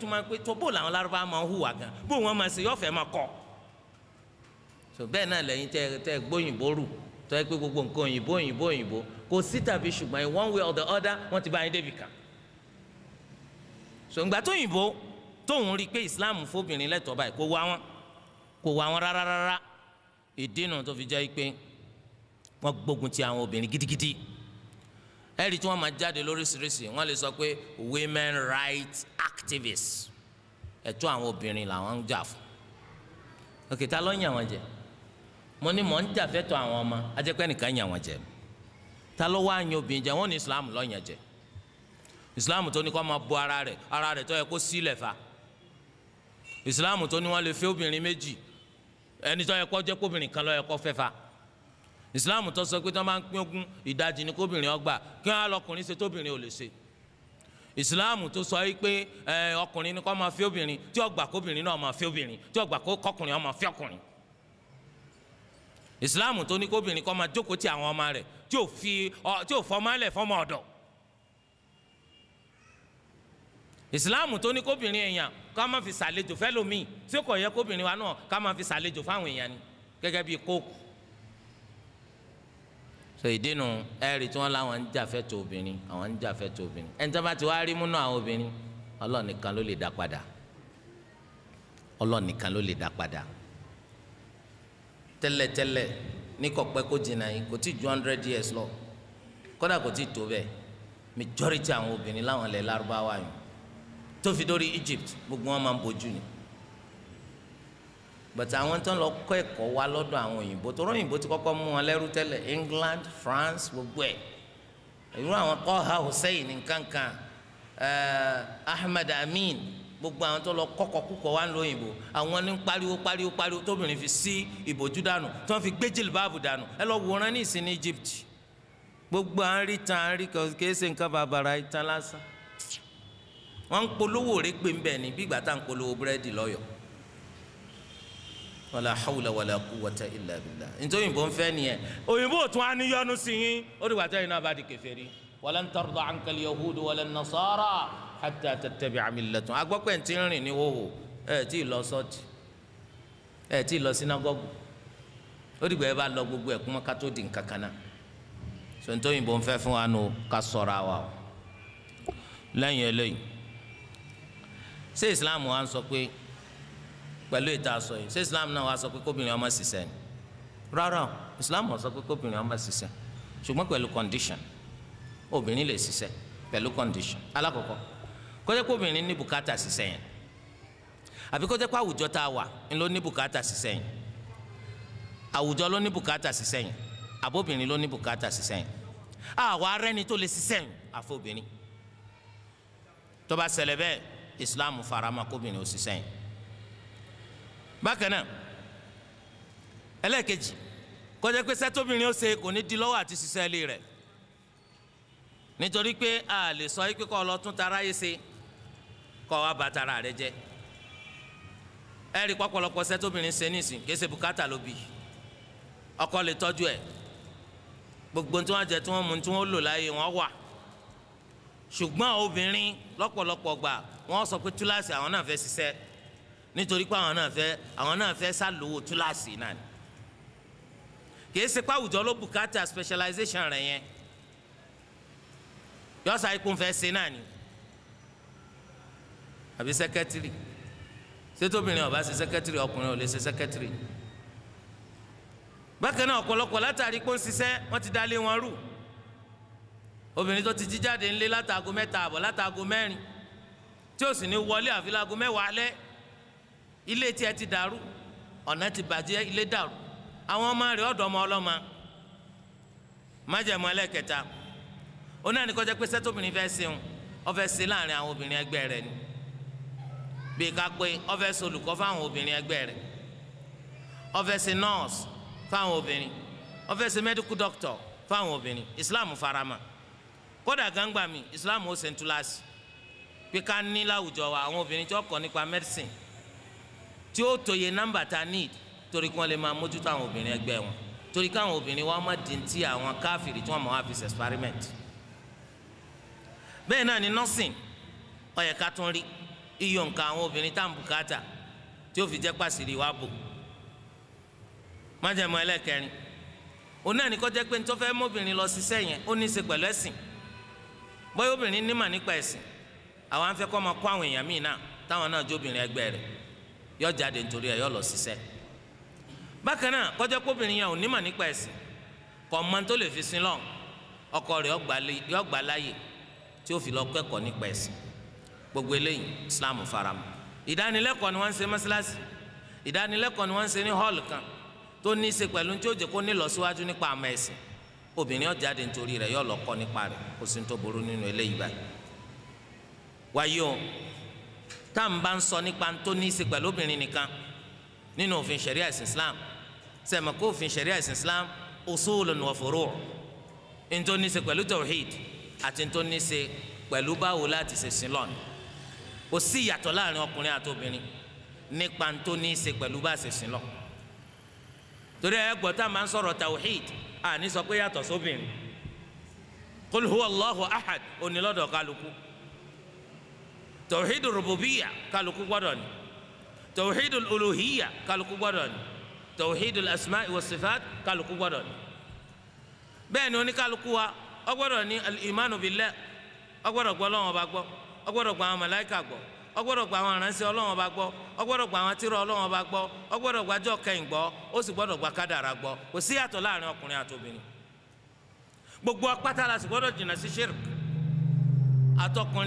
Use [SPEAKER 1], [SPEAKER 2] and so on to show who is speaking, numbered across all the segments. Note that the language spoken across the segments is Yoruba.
[SPEAKER 1] tó máa pé tó bó làwọn lárúbá máa ń hùwà gan bó wọn máa ṣe yọ̀fẹ́ máa kọ́ tó bẹ́ẹ̀ náà lẹ́yìn tẹ́ tẹ́ gbóyìnbó rù tó yẹ pé gbogbo nǹkan òyìnbó òyìnbó òyìnbó kò sí tàbí ṣùgbọ́n in one way or the other wọ́n ti bá yín débì kan tó òyìnbó tóun rí i pé Islam fóbìnrin lẹ́tọ̀ọ́ báyìí kò wá wọn kò wá wọn rárá rárá ìdí nù tó fi jẹ́ pé wọ́n gbógun ti àwọn obìnrin gidigidi. Gidi ẹ̀rí tí wọ́n máa jáde lóríṣiríṣi wọ́n lè sọ pé women rights activists ẹ̀tọ́ àwọn obìnrin làwọn ń jà fún òkè tá ló ń yàn wọ́n jẹ mo ní mò ń jà fẹ́tọ̀ àwọn ọmọ ajẹ́pẹ́ nìkan yàn wọ́n jẹ ta ló wá yan obìnrin jẹ wọ́n ní Islam ló yàn jẹ Islam tó ní kó máa bo ara rẹ̀ ara rẹ̀ tó yẹ kó sílẹ̀ fa Islam tó ní wọ́n lè fẹ́ obìnrin méjì ẹni tó yẹ kó jẹ́ kóbìnrin kan ló yẹ fẹ́ fa islam tó sọ pé tí wọn bá ń pín ogún ìdajì ni kóbìnrin ọgbà kí wọn á lọkùnrin ṣe tóbìnrin ò lè ṣe islam tó sọ yìí pé ẹ ọkùnrin ni kó máa fi obìnrin tí ọgbà kóbìnrin náà máa fi obìnrin tí ọgbà kọkùnrin ọmọ fi ọkùnrin islam tó ní kóbìnrin kó máa jókòó ti àwọn ọmọ rẹ̀ tí ò fi ọ tí ò fọmọ ẹlẹ fọmọ ọ̀dọ̀ islam tó ní kóbìnrin èèyàn ká máa fi ṣàlejò fẹlòmíì tí kò yẹ kóbìnrin wa náà ká máa fi ṣàlejò fáwọn èèyàn ni gẹ́gẹ́ bíi kóòkù so ìdínú ẹ̀rí tí wọ́n láwọn ń jàfẹ́ tó obìnrin àwọn ń jàfẹ́ tó obìnrin ẹni tó bá ti wá rí múnú àwọn obìnrin Ọlọ́run nìkan ló lè dá padà Ọlọ́run nìkan ló lè dá padà tẹ́lẹ̀tẹ́lẹ̀ ní kọ̀pẹ́ kó jìnnà yìí kò tí ju hundred years lọ kódà kò tí tó bẹ́ẹ̀ majority àwọn obìnrin láwọn ilẹ̀ lárúbáwá yìí tó fi dórí Egypt gbogbo wọn máa ń bojú ni but àwọn tó ń lọ kọ́ ẹ̀kọ́ wa lọ́dọ̀ àwọn òyìnbó tó rọ́yìnbó ti kọ́kọ́ mú wọn lẹ́rú tẹ́lẹ̀ England France gbogbo ẹ̀ irú àwọn kọ́ha Hussein nkankan eh, Ahmed Amin gbogbo àwọn tó lọ kọ́kọ́ kúkọ́ wa ń lo òyìnbó àwọn ní pariwo pariwo pariwo tóbìnrin fi sí ìbòjú dànù tó ń fi gbé jìlbáàbù dànù ẹ lọ wòran ní ìsìn ní Egypt gbogbo à ń rí tan à ń rí kéésì nǹkan bàbàrà ìtàn lásán wọn ń polówó rẹ gbé ń bẹ ní bí ìgbà tá à ń polówó búrẹ́dì lọ́yọ̀ọ́ wàlà hawla wàlà quwwata illa billah nítorí òyìnbó ń fẹ́ nìyẹn òyìnbó tún á níyọnu sí yín ó dìgbà tẹ́yìn náà bá di kèfèrí walan tarda anka al-yahudu wala an-nasara hatta tattabi'a millatahum agbọ́pẹ̀ ti ń rìn ní wòwò ẹ̀ tí ì lọ sọ́ọ̀tì ẹ̀ tí ì lọ sínágọ́gù ó dìgbà ẹ gbogbo ẹ̀kún mọ́ ká di nǹkan kan náà sọ̀tún fún wa nù ká sọ̀ra wa o lẹ́yìn eléyìí Islam wa ń sọ pé pẹ̀lú ìta sọ yìí ṣé islam náà wàá sọ pé kóbìnrin ọmọ ṣiṣẹ́ ni rárá islam ò sọ pé kóbìnrin ọmọ ṣiṣẹ́ ṣùgbọ́n pẹ̀lú condition obìnrin lè ṣiṣẹ́ pẹ̀lú condition alákọ̀ọ́kọ́ kó jẹ́ kóbìnrin ní bùkátà ṣiṣẹ́ yẹn àbí kó jẹ́ pé àwùjọ tá a wà ń ló ní bùkátà ṣiṣẹ́ yẹn àwùjọ ló ní bùkátà ṣiṣẹ́ yẹn àbóbìnrin ló ní bùkátà ṣiṣẹ́ yẹn àwa arẹ́ni tó lè ṣiṣẹ́ yẹn àfọbìnrin tó bá ṣẹlẹ̀ bẹ́ẹ̀ islam farama kóbìnrin ò ṣiṣẹ́ yẹn bákan náà ẹlẹ́ẹ̀kejì kọjá pé sẹ́tóbìnrin ó ṣe kò ní di lọ́wọ́ àti ṣiṣẹ́ ilé rẹ̀ nítorí pé a lè sọ pé kọ́ ọ lọ tún tara yìí ṣe kọ́ ọ wá ba tara rẹ jẹ́ ẹ̀rí pọ́pọ́lọpọ́ sẹ́tóbìnrin ṣe nísìn kì í ṣe bùkátà ló bì ọkọ lè tọ́jú ẹ̀ gbogbo tí wọ́n jẹ tí wọ́n mu tí wọ́n lò láàyè wọ́n wà ṣùgbọ́n obìnrin lọ́pọ̀lọpọ̀ gbà wọ́n sọ pé túláàsì àwọn náà fẹ́ ṣiṣẹ́ nítorí pé àwọn náà fẹ́ àwọn náà fẹ́ sálòwò túláàsì náà ni kì í ṣe pé àwùjọ ló bùkátà specialization rẹ̀ yẹn yọ́sà ikú fẹ́ ṣe náà ni àbí sẹ́kẹ́tìrì sétóbìnrin ọba ṣe sẹ́kẹ́tìrì ọkùnrin ò lè ṣe sẹ́kẹ́tìrì bákan náà ọ̀pọ̀lọpọ̀ látàrí pé ó ń ṣiṣẹ́ wọ́n ti dalé wọn rú obìnrin tó ti jí jáde ńlé látàgò mẹ́ta àbọ̀ látàgò mẹ́rin tí ó sì ní wọlé àfi lágo mẹ́wàá alẹ́ ilé tiẹ̀ ti dàrú ọ̀nà ti bàjẹ́ ilé dàrú àwọn ọmọ rẹ̀ ọ̀dọ̀ ọmọ ọlọ́mọ májẹ̀mú ẹlẹ́kẹta oní ànikọ́jẹ́ pé sẹ́tòmìnrin fẹ́ ṣeun ó fẹ́ láàrin àwọn obìnrin ẹgbẹ́ rẹ̀ ni bíi ká pé ó fẹ́ ṣe olùkọ́ fáwọn obìnrin ẹgbẹ́ rẹ̀ ó fẹ́ nọ́ọ̀sì fáwọn obìnrin ó fẹ́ mẹ́díkù dọ́kítọ̀ fáwọn obìnrin islam farama kódà gangba mi islam ó ṣe ń túláàsì pé ká ní láwùjọ wa àwọn obìnrin tí wọ́n kọ́ nípa mẹ́dísìn tí ó tòye nọ́mbà tá a need torí kí wọ́n lè máa mójútó àwọn obìnrin ẹgbẹ́ wọn torí káwọn obìnrin wa má di ti àwọn káfìrí tí wọ́n máa fi experiment bẹ́ẹ̀ náà ni nursing ó yẹ ká tún rí iyọ̀ nǹkan àwọn obìnrin tá à ń bùkátà tí ó fi jẹ́ pàṣírí wa bò májẹ̀mú ẹlẹ́kẹrin òun náà ní kó jẹ́ pé ní tó fẹ́ mọ́bìnrin lọ ṣiṣẹ́ yẹn ó ní í ṣe pẹ̀lú ẹ̀sìn bóyá obìnrin nímà nípa ẹ̀sìn àwọn afẹ́kọ́ máa kó àwọn èèyàn míì náà táwọn náà jóbìnrin ẹgbẹ́ rẹ̀ yọ jáde nítorí ẹ yọ lọ ṣiṣẹ́ bákan náà kọjá kóbìnrin yẹn ò ní mà nípa ẹ̀sìn kọ mọ tó lè fi sin lọ ọkọ rẹ̀ yọ gbà láàyè tí ó fi lọ kẹ́kọ̀ọ́ nípa ẹ̀sìn gbogbo eléyìí Islam faramọ́ ìdánilẹ́kọ̀ọ́ ni wọ́n ń ṣe mọ́ṣáláṣí ìdánilẹ́kọ̀ọ́ ni wọ́n ń ṣe ní hall kan tó ní í ṣe pẹ̀lú tí ó jẹ́ kó ní lọ́síwájú nípa àmọ́ ẹ̀sìn obìnrin ó nítorí rẹ̀ yọ lọ nípa rẹ̀ kó sì ń tó burú nínú eléyìí báyìí wáyé o tá à ń bá ń sọ nípa tó ní í ṣe pẹ̀lú obìnrin nìkan nínú òfin ṣẹ̀ríà ìsìn Islam sẹ́mi kó òfin ṣẹ̀ríà ìsìn Islam usulun wa furu' ní tó ní í ṣe pẹ̀lú tawhid àti tó ní í ṣe pẹ̀lú báwo láti ṣe sin lọ́nà kò sí ìyàtọ̀ láàrin ọkùnrin àti obìnrin nípa tó ní í ṣe pẹ̀lú bá ṣe sin lọ torí ẹ gbọ́ tá a máa ń sọ̀rọ̀ tawhid àní sọ pé yàtọ̀ sóbìnrin qul huwa Allahu onílọ́dọ̀ kálukú. tawhidul rububiyya kálukú gbọdọ ni tawhidul uluhiyya kálukú gbọ́dọ̀ ni tawhidul asma'i wa sifat kálukú gbọ́dọ̀ ni bẹ́ẹ̀ ni oníkálukú wa ó gbọ́dọ̀ al-imanu billah ó gbọ́dọ̀ gbọ́ Ọlọ́run Ọba gbọ́ ó gbọ́dọ̀ gbọ́ àwọn màláíkà gbọ́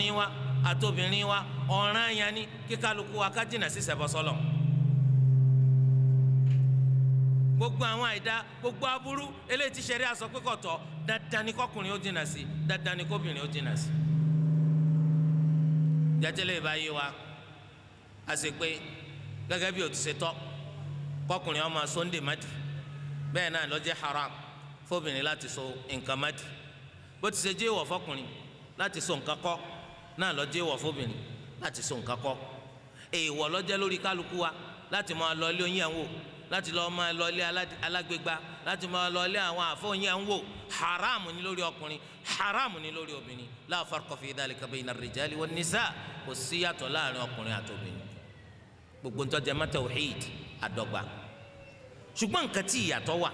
[SPEAKER 1] ó àtòbìnrin wa ọ̀ràn yẹn ni kíkálukú wa ká jìnnà sí ṣẹbọ sọ́lọ̀ gbogbo àwọn àìda gbogbo aburú eléyìí tí sẹ́rí aṣọ pé dandan ni kọkùnrin ó jìnnà sí dandan ni kóbìnrin ó jìnnà sí. jẹ́jẹ́lẹ́ ìbáyé wa a sì pé gẹ́gẹ́ bí ó ti ṣe tọ́ kọkùnrin ọmọ sunday madi bẹ́ẹ̀ náà ló jẹ́ haram fóbìnrin láti so nǹkan madi bó ti ṣe jẹ́ ìwọ̀ fọkùnrin láti so nǹkan kọ́ náà ló jẹ́ èèwọ̀ fóbìnrin láti so nǹkan kọ́ èèwọ̀ ló jẹ́ lórí kálukú wa láti máa lọ ilé oyin àwọn láti lọ máa lọ ilé alágbègbà láti máa lọ ilé àwọn àfọ oyin àwọn haram ni lórí ọkùnrin haram ni lórí obìnrin la farqa fi dhalika bayna ar-rijali wan-nisa kò sí yàtọ̀ láàrin ọkùnrin àti obìnrin gbogbo ntọ́jà mẹ́ta tawhid àdọ́gba ṣùgbọ́n nǹkan tí ìyàtọ̀ wà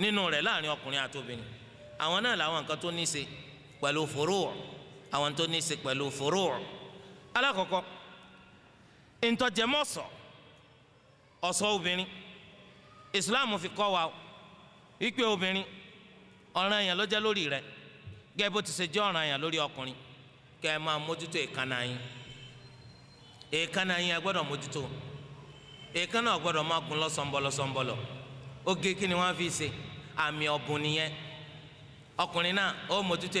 [SPEAKER 1] nínú rẹ̀ láàrin ọkùnrin àti obìnrin àwọn náà làwọn nǹkan tó ní í ṣe pẹ̀lú furu' àwọn tó ní í ṣe pẹ̀lú furu' alákọ̀ọ́kọ́ ntọ́jẹmọ́sọ ọ̀ṣọ́ obìnrin islam fi kọ́ wa wípé obìnrin ọ̀ràn ló jẹ́ lórí rẹ gẹ́gẹ́ bó ti ṣe jẹ́ ọ̀ràn lórí ọkùnrin kẹ́ ẹ máa mójútó èékánná yín èékánná yín ẹ gbọ́dọ̀ mójútó èékánná ò gbọ́dọ̀ oge kí ni wọ́n fi ṣe àmì ọ̀bùn nìyẹn ọkùnrin náà ó mójútó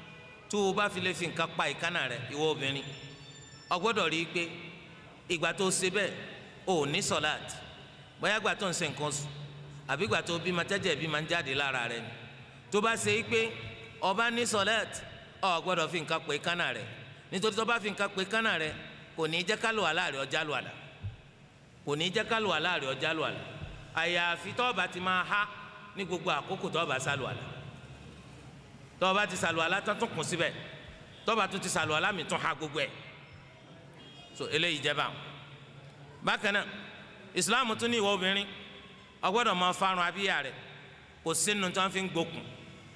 [SPEAKER 1] tó o bá fi lè fi nǹkan pa ìkánná rẹ ìwọ obìnrin o rí i pé ìgbà tó o ṣe bẹ́ẹ̀ o ò ní sọ̀láàtì bóyá ìgbà tó ń ṣe nǹkan sùn àbí ìgbà tó bí matẹ́jẹ̀ bí máa ń jáde lára rẹ ni bá ṣe pé fi nǹkan pa ìkánná rẹ nítorí tó fi nǹkan pa ìkánná rẹ kò ní jẹ́ kálù ọjà kò ní jẹ́ ọjà àyàfi ti máa há ní gbogbo àkókò tó bá ti sàlùwàlá tán tún kùn síbẹ̀ tó bá tún ti sàlùwàlá mi tún ha gbogbo ẹ̀ so eléyìí jẹ́ báwọn. bákan náà ìsìláàmù tún ní ìwọ obìnrin ọgbọ́dọ̀ máa farun abíyá rẹ̀ kò sínú tí wọ́n fi ń gbókùn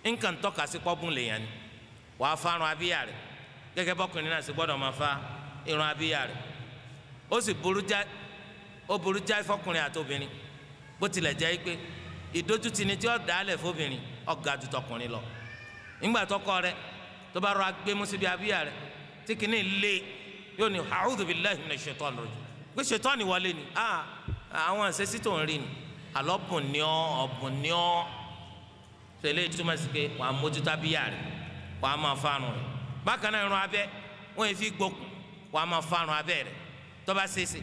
[SPEAKER 1] nǹkan tọ́ka sí pọ́bùn lèèyàn ni wàá farun abíyá rẹ̀ gẹ́gẹ́ bọ́kùnrin náà sì gbọ́dọ̀ máa fa irun abíyá rẹ̀ ó sì burú já ó burú já fọkùnrin àti obìnrin bó tilẹ̀ jẹ́ pé ìdójútini tí ó dàálẹ̀ fóbìnrin ó ga jù tọkùnrin lọ nígbà tọkọ rẹ tó bá rọ agbémú síbi abíyá rẹ tí kìíní lé yóò ní a'udhu billahi minash shaitani rajim pé ṣètọ́ni wọlé ni ah, àwọn àṣẹ́sí tó ń rí ni àlọ́bùn ni ọ́ ọ̀bùn ni ọ́ tẹ̀lé túmọ̀ sí pé wàá mójútó abíyá rẹ wàá máa fárun rẹ bákan náà irun abẹ́ wọ́n fi gbókùn wàá máa fárun abẹ́ rẹ tó bá ṣeéṣe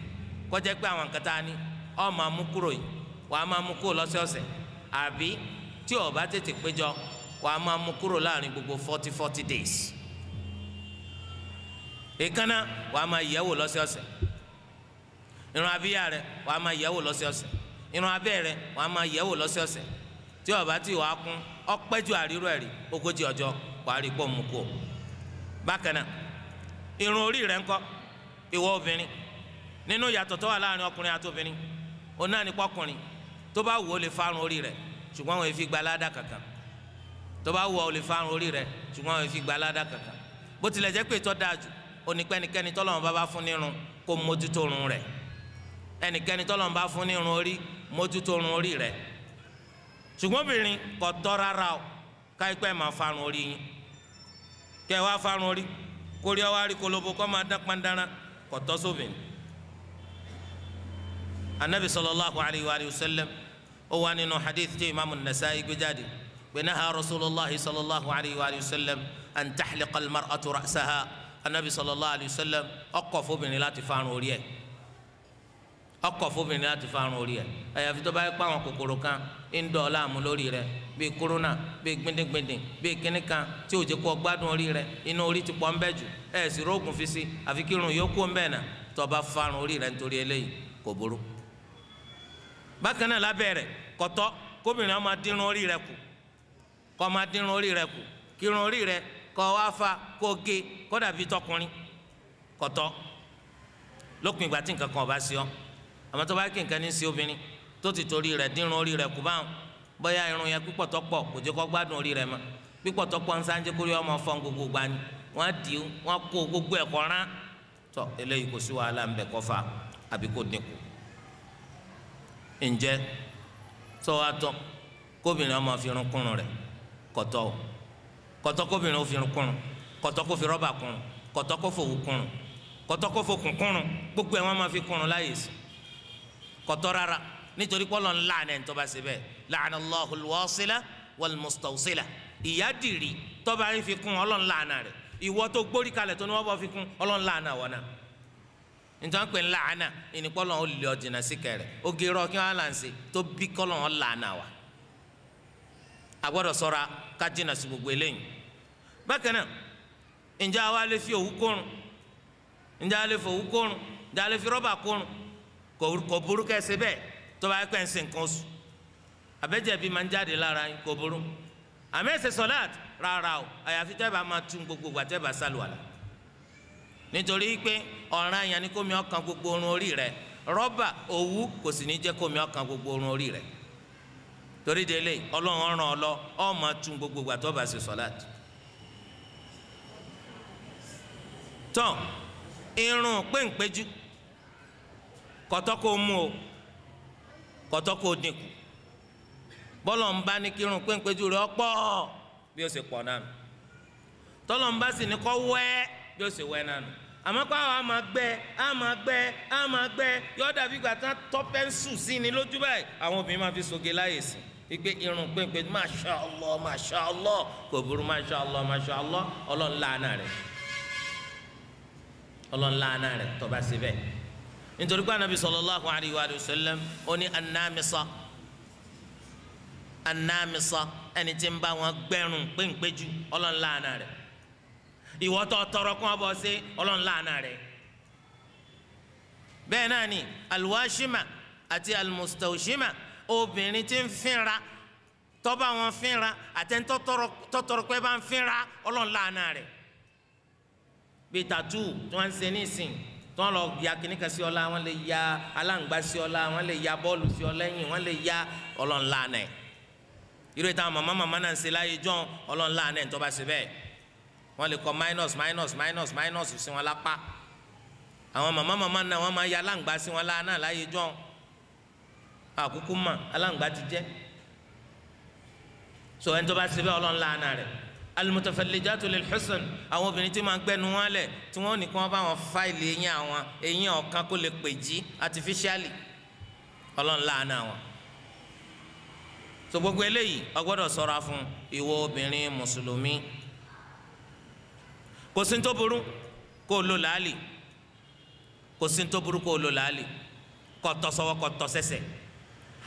[SPEAKER 1] kó pé àwọn nǹkan tá a máa mú kúrò yìí wàá máa mú kúrò lọ́sọ̀ọ̀sẹ̀ àbí tí ó tètè péjọ wàá máa mú kúrò láàrin gbogbo forty forty days èékánná wàá máa yẹ̀wò lọ́sọ̀ọ̀sẹ̀ irun abíyá rẹ wàá máa yẹ̀wò lọ́sọ̀ọ̀sẹ̀ irun abẹ́ rẹ wàá máa yẹ̀wò lọ́sọ̀ọ̀sẹ̀ tí ó bá tí wàá kún ọpẹ́jù àrírò ẹ̀rí ogójì ọjọ́ pọ̀ mú kú o bákan náà irun orí rẹ ńkọ́ ìwọ obìnrin nínú ìyàtọ̀ tó wà láàrin ọkùnrin àti obìnrin òun náà tó bá wù ó lè rẹ ṣùgbọ́n gba tó bá wù ọ́ o lè fárun orí rẹ ṣùgbọ́n àwọn ìfigbá aládàá kankan bó tilẹ̀ jẹ́ pé tó dáa jù onípẹ́nikẹ́ni tọ́lọ́run bá bá fún nírun kó mójútó run rẹ̀ ẹnikẹ́ni tọ́lọ́run bá fún nírun orí mójútó run orí rẹ̀ ṣùgbọ́n obìnrin kò tọ́ rárá o káyipẹ́ máa fárun orí yín kẹ́ ẹ wá fárun orí kórí ọwọ́ àrí kolobo kọ́ máa dán pandara kò tọ́ sóbìn anabi sallallahu alayhi wa sallam ó wà nínú hadith tí imaamu Nasa'i gbé jáde. بنهى رسول الله صلى الله عليه وآله وسلم أن تحلق المرأة رأسها النبي صلى الله عليه وسلم أقف بن لا تفعل وليه أقف بن لا تفعل وليه أي في دبي قام كوكورو كان إن دولا ملوري ره bí kúrúnà bí gbindingbindin bí kíníkà tí ò jẹ́ kó gbádùn orí rẹ inú orí ti pọ̀ ń bẹ́ jù ẹ̀ sì rógùn fi sí àfi kírun yóò kó ń bẹ̀ nà tó bá farun orí rẹ nítorí eléyìí kò burú. bákan náà lábẹ́ rẹ̀ kọ̀tọ́ kóbìnrin á máa dínrún orí rẹ kù kọ́ máa dín irun orí rẹ kù kí irun orí rẹ kọ́ wá fa kó gé kó dàbí tọkùnrin kọ̀tọ́ lópin ìgbà tí nǹkan kan ọba sí ọ àmọ́ tó bá kí nǹkan ní sí obìnrin tó ti torí rẹ dín irun orí rẹ kù báwọn bóyá irun yẹn pípọ̀ tọ́pọ̀ kò jẹ́ kó gbádùn orí rẹ mọ́ pípọ̀ tọ́pọ̀ ń sáńjẹ́ kórè ọmọ fọ́n gbogbo gba ni wọ́n di wọ́n kó gbogbo ẹ̀kọ́ rán tọ́ eléyìí kò sí wàhálà ńbẹ kọfà àbí kò dínkù ǹjẹ́ sọ wa tọ́ kóbìnrin ọmọ fi irun kúrun rẹ̀ kọ̀tọ́ o kọ̀tọ́ kóbìnrin ó fi irun kúrun kọ̀tọ́ kó fi rọ́bà kúrun kọ̀tọ́ kó fòwú kúrun kọ̀tọ́ kó fòkùn kúrun gbogbo ẹ̀ wọ́n máa fi kúrun láyè sí kọ̀tọ́ rárá nítorí pé Ọlọ́run láàánẹ̀ ń tọ́ba síbẹ̀ láàánẹ̀ Allahul wasila wal mustawsila ìyá dìrì tọ́ba rí fi kún Ọlọ́run láàánà rẹ̀ ìwọ tó gbórí kalẹ̀ tó ní wọ́n bọ́ fi kún Ọlọ́run láàánà wọ̀ náà nítorí pé ńláàánà ìnípọ́lọ́n ó lè ọ̀jìnà síkẹrẹ̀ ó gé kí wọ́n á tó bí kọ́lọ́n ó agbọ́dọ̀ ṣọ́ra ká jìnnà sí gbogbo eléyìí bákan náà ǹjẹ́ àwa lè fi òwú kórun ǹjẹ́ àwa lè fi òwú kórun ǹjẹ́ àwa lè fi rọ́bà kórun kò burú kẹsẹ̀ bẹ́ẹ̀ tó bá yẹ pé ń ṣe nǹkan oṣù àbẹ́jẹ̀ bíi máa ń jáde lára yín kò burú àmì ẹ̀sẹ̀ sọ́láàtì rárá o àyàfi tẹ́ bá máa tún gbogbo ìgbà tẹ́ bá sálùwàlà nítorí pé ọ̀ràn yẹn ni kómi ọkàn gbogbo orun orí rẹ̀ rọ́bà òwú kò sì ní jẹ́ kómi ọkàn gbogbo orun orí rẹ̀ torí de ilé ọlọ́run ọ̀ràn ọlọ ọmọ tún gbogbo ìgbà tó bá ṣe tọ́ irun péńpéjú kọ́tọ́ kó mú o kọ́tọ́ kó dínkù bọ́lọ̀ ń bá ní irun péńpéjú rẹ̀ ọ̀pọ̀ bí ó ṣe pọ̀ náà tọ́lọ̀ ń bá sì ní kọ́ wẹ́ bí ó ṣe wẹ́ gbẹ àmọ́ gbẹ yọ̀ọ́ dàbí gbàtà sí ni àwọn obìnrin máa fi soge láyè sí i. ipe irun pínpín masha allah masha allah kò burú masha allah masha allah ọlọ́run láàánà rẹ̀ ọlọ́run láàánà rẹ̀ tọ́ba síbẹ̀ nítorí pé anabi sallallahu alayhi wa sallam ó ní anamisa anamisa ẹni tí ń bá wọn gbẹrun pínpín jù ọlọ́run láàánà rẹ̀ ìwọ tó tọrọ kún ọbọ sí ọlọ́run láàánà rẹ̀ bẹ́ẹ̀ náà ni alwashima àti almustawshima. Al obìnrin tí ń fínra tọ́ba wọn fínra àtẹ̀ntọ́tọ́rọ pé bá ń fínra ọlọ́run láàánà rẹ̀ bíi tàtú tí wọ́n ń ṣe nísìn tí wọ́n lọ ya kìnnìkan sí ọlá wọ́n lè ya aláǹgbá sí ọlá wọ́n lè ya bọ́ọ̀lù sí ọlẹ́yìn wọ́n lè ya ọlọ́run láàánà ẹ̀ irú ìta màmá màmá náà ń ṣe láyé jọ́ ọlọ́run láàánà ẹ̀ tó bá ṣe bẹ́ẹ̀ wọ́n lè kọ minus minus minus minus sí wọn lápá àwọn màmá màmá náà wọ́n máa ya aláǹgbá sí wọn láàánà láyé jọ́ àkúkú mà aláǹgbá ti jẹ́ so ẹni tó bá ṣe bẹ́ẹ̀ ọlọ́run láàánà rẹ̀ alimutafẹlẹjàtò lè hussein àwọn obìnrin tí wọ́n gbẹnu wọn lẹ̀ tí wọ́n ní bá wọn fáìlì eyín àwọn eyín ọ̀kan kó lè pè jí artificially ọlọ́run láàánà wọn so gbogbo eléyìí o gbọ́dọ̀ ṣọ́ra fún ìwọ obìnrin mùsùlùmí kò sí ní tó burú kó lò láàlì kò sí tó burú kó lò láàlì kó tọ́ sọ́wọ́ kó tọ́ sẹ́sẹ̀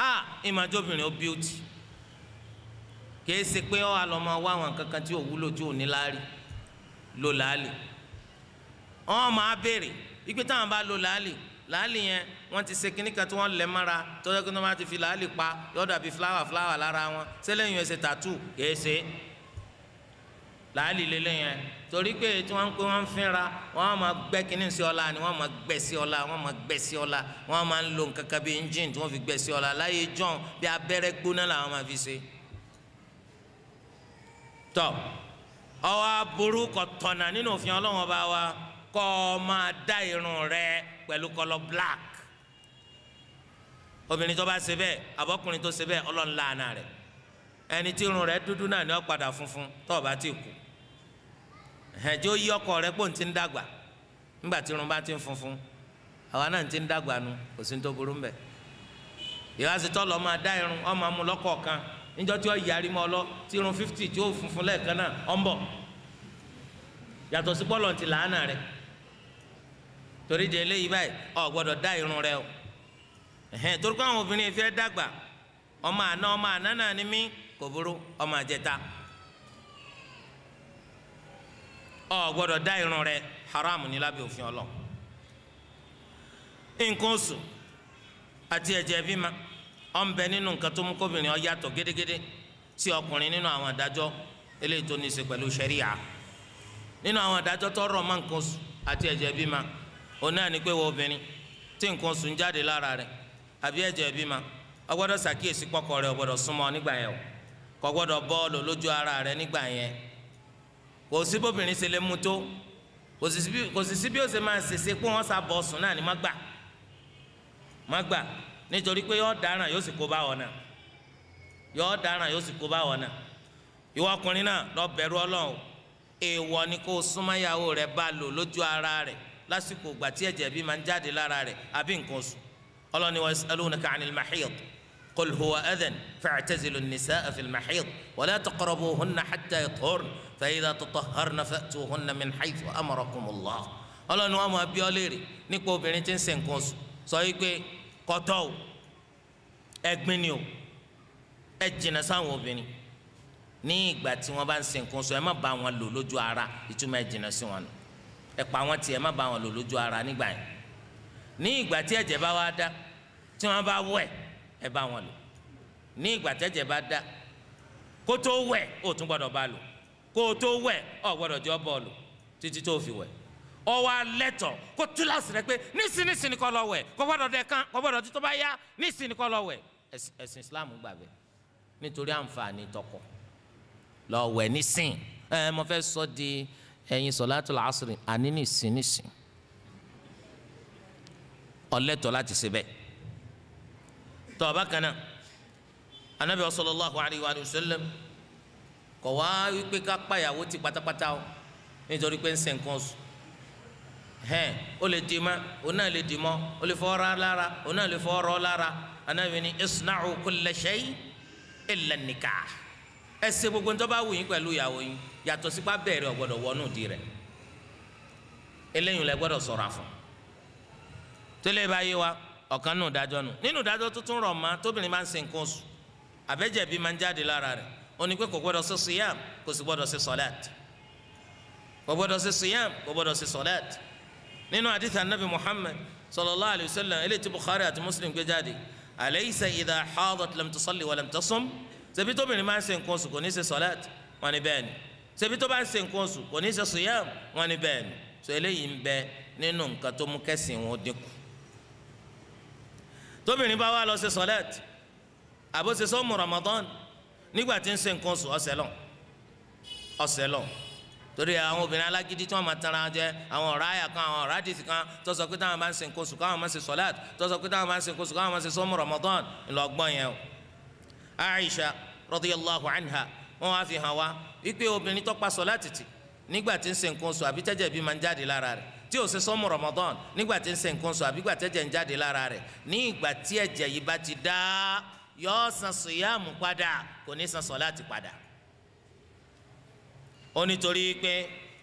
[SPEAKER 1] ha ìmọ̀jọ́bìnrin ó bíútì kìí ṣe pé ọ́ àlọ́ máa wá àwọn kankan tí ò wúlò tí ò ní láárí lò láàlì ọ́n máa béèrè wípé táwọn bá lò láàlì láàlì yẹn wọ́n ti ṣe kíní kan tí wọ́n lẹ̀ mọ́ra tọ́jú kí wọ́n máa ti fi láàlì pa yọ̀ọ́ dàbí fúláwà fúláwà lára wọn sẹ́lẹ̀yìn ẹsẹ̀ tàtú kìí ṣe é làálì lélẹ̀ yẹn torí pé tí wọ́n ń pé wọ́n ń fínra wọ́n máa gbẹ́ kínní sí ọ̀la ni wọ́n máa gbẹ́ sí ọ̀la wọ́n máa gbẹ́ sí ọ̀la wọ́n máa ń lo nǹkan kan bíi engine tí wọ́n fi gbẹ́ sí ọ̀la láyé john bí abẹ́rẹ́ gbóná làwọn máa fi ṣe. tọ́ ọwọ́ aburú kò tọ̀nà nínú òfin Ọlọ́run ọba wa kọ́ ọ máa dá irun rẹ pẹ̀lú kọlọ black obìnrin tó bá ṣe bẹ́ẹ̀ àbọ̀kùnrin tó ṣe bẹ́ẹ̀ Ọlọ́run láàánà rẹ̀ ẹni tí irun rẹ̀ dúdú náà ni ó padà funfun tó bá ti kú hẹn jẹ́ yí ọkọ rẹ pé ntí ń dàgbà nígbà tí irun bá ti ń funfun àwa náà ti ń dàgbà nu kò sí ní tó burú mbẹ ìwáṣetọ́ lọ́ máa dá irun ọ́ máa mú lọ́kọ̀ọ̀kan níjọ́ tí ó mọ́ ọ lọ tí irun fifty tí ó funfun lẹ́ẹ̀kan náà ọ́ ọ gbọ́dọ̀ dá irun rẹ o torí àwọn obìnrin dàgbà ọmọ àná ọmọ àná náà ni mí kò burú ọmọ ọ gbọdọ dá irun rẹ haram ní lábẹ́ òfin ọlọ. nǹkan oṣù àti ẹ̀jẹ̀ bímọ ó ń bẹ nínú nǹkan tó mú kóbìnrin ó yàtọ̀ gédégédé sí ọkùnrin nínú àwọn àdájọ́ eléyìí tó ní í ṣe pẹ̀lú ṣẹríà nínú àwọn àdájọ́ tó nǹkan oṣù àti ẹ̀jẹ̀ náà pé wọ obìnrin tí nǹkan oṣù ń jáde lára rẹ àbí ṣàkíyèsí kò sí bóbìnrin ṣe lè mú tó kò sì sí bí ó ṣe máa ṣèṣe pé wọ́n sá bọ̀ sùn náà ni má gbà má gbà nítorí pé yọ ọ̀daràn yóò sì kó bá wọn náà yọ ọ̀daràn yóò sì kó bá wọn náà ìwọ ọkùnrin náà lọ bẹ̀rù Ọlọ́run èèwọ̀ ni kó o súnmọ́yàwó rẹ bá lò lójú ara rẹ lásìkò ìgbà tí ẹ̀jẹ̀ bí máa ń jáde lára rẹ àbí nǹkan oṣù Ọlọ́run ni wasalunaka anil mahiyat قل هو أذن فاعتزلوا النساء في المحيض ولا تقربوهن حتى يطهرن فإذا تطهرن فأتوهن من حيث أمركم الله ọlọ́run ni wọ́n mọ abíọ́ léèrè nípa obìnrin tí ń ṣe nǹkan oṣù sọ wípé kọ́tọ́ o ẹ̀gbin ni o ẹ jìnnà sáwọn obìnrin ní ìgbà tí wọ́n bá ń ṣe nǹkan oṣù ẹ má bá wọn lò lójú ara ìtumọ̀ ẹ jìnnà sí wọn ẹ pa wọn tì ẹ má bá wọn lò lójú ara nígbà yẹn ní ìgbà tí ẹ̀jẹ̀ bá wá dá tí wọ́n bá wọ̀ ẹ̀ ẹ bá wọn lò ní ìgbà tẹ́jẹ̀ bá dá kó tó wẹ̀ ó tún gbọ́dọ̀ bá lò kó tó wẹ̀ ó gbọ́dọ̀ jọ bọ́ọ̀lù títí tó fi wẹ̀ ọwọ́ alẹ́tọ̀ kó túláàsì rẹ pé nísìnyìsìnyì kọ́ lọ wẹ̀ kó gbọ́dọ̀ dẹ kán kó gbọ́dọ̀ títọ́ bá yá nísìnyìsìnyì kọ́ lọ wẹ̀ ẹ̀sìn Islam gbà bẹ́ẹ̀ nítorí àǹfààní tọkọ lọ wẹ̀ nísìn ẹ mo fẹ́ sọ di ẹ̀yin sọ̀látù làásìrì àní nísìn nísìn ọlẹ́tọ̀ láti ṣe bẹ́ẹ̀ tọ́ọ̀bá kan náà anabi sallallahu alayhi wa sallam kọ̀ wá wípé ká pàyàwó ti pátápátá o nítorí pé ń ṣe nǹkan oṣù hẹ́n ó lè dì mọ́ ó náà lè dì mọ́ ó lè fọ́ra lára ó náà lè fọ́ra lára anabi ni isna'u kulla shay illa nikah ẹ ṣe gbogbo ń tó bá pẹ̀lú ìyàwó yín yàtọ̀ sípà bẹ̀rẹ̀ ò gbọ́dọ̀ wọnú di rẹ̀ eléyìí lẹ gbọ́dọ̀ ṣọ́ra tẹ́lẹ̀ bá wa ọ̀kan nù dájọ́ nù nínú dájọ́ tuntun rọ̀ ma tóbìnrin máa ń ṣe nǹkan oṣù àbẹ́jẹ̀ bí máa ń jáde lára rẹ̀ ó ní pé kò gbọ́dọ̀ ṣe siyam kò sì gbọ́dọ̀ ṣe sọ́láàt kò gbọ́dọ̀ ṣe siyam kò gbọ́dọ̀ ṣe sọ́láàt nínú àdìsí anabi muhammad sallallahu alayhi wa sallam eléyìí tí bukhari àti muslim gbé jáde alaysa idha hadat lam tusalli wa lam tasum ṣebí tóbìnrin máa ń ṣe nǹkan oṣù kò ní ṣe sọ́láàt wọ́n ní bẹ́ẹ̀ ni ṣebí tó bá ń ṣe nǹkan oṣù kò ní ṣe siyam wọ́n ní bẹ́ẹ̀ ni so eléyìí ń bẹ nínú nǹkan tó mú kẹ́sìn wọn dínkù tóbìnrin bá wà lọ ṣe sọlẹt àbó ṣe sọmù Ramadan nígbà tí ń ṣe nǹkan oṣù ọsẹ lọ ọsẹ lọ torí àwọn obìnrin alágídí tí wọn máa tẹnra jẹ àwọn ọ̀rá àyà kan àwọn ọ̀rá àdìsí kan tó sọ pé táwọn bá ń ṣe nǹkan oṣù káwọn máa ṣe sọlẹt tó sọ pé táwọn bá ń ṣe nǹkan oṣù káwọn máa ṣe sọmù Ramadan ńlọgbọn yẹn o Aisha radiyallahu anha wọn wá fi hàn wá wípé obìnrin tó pa sọlẹt tì nígbà tí ń ṣe nǹkan oṣù àbí tẹ́jẹ̀ bí máa ń jáde lára rẹ̀ tí ò ṣe sọ́mu Ramadan nígbà tí ń ṣe nǹkan sọ àbí gbà tẹ́jẹ̀ ń jáde lára rẹ̀ ní ìgbà tí ẹ̀jẹ̀ yìí bá ti dá yọ san sùyàmù padà kò ní san sọ̀láàtì padà. ó nítorí pé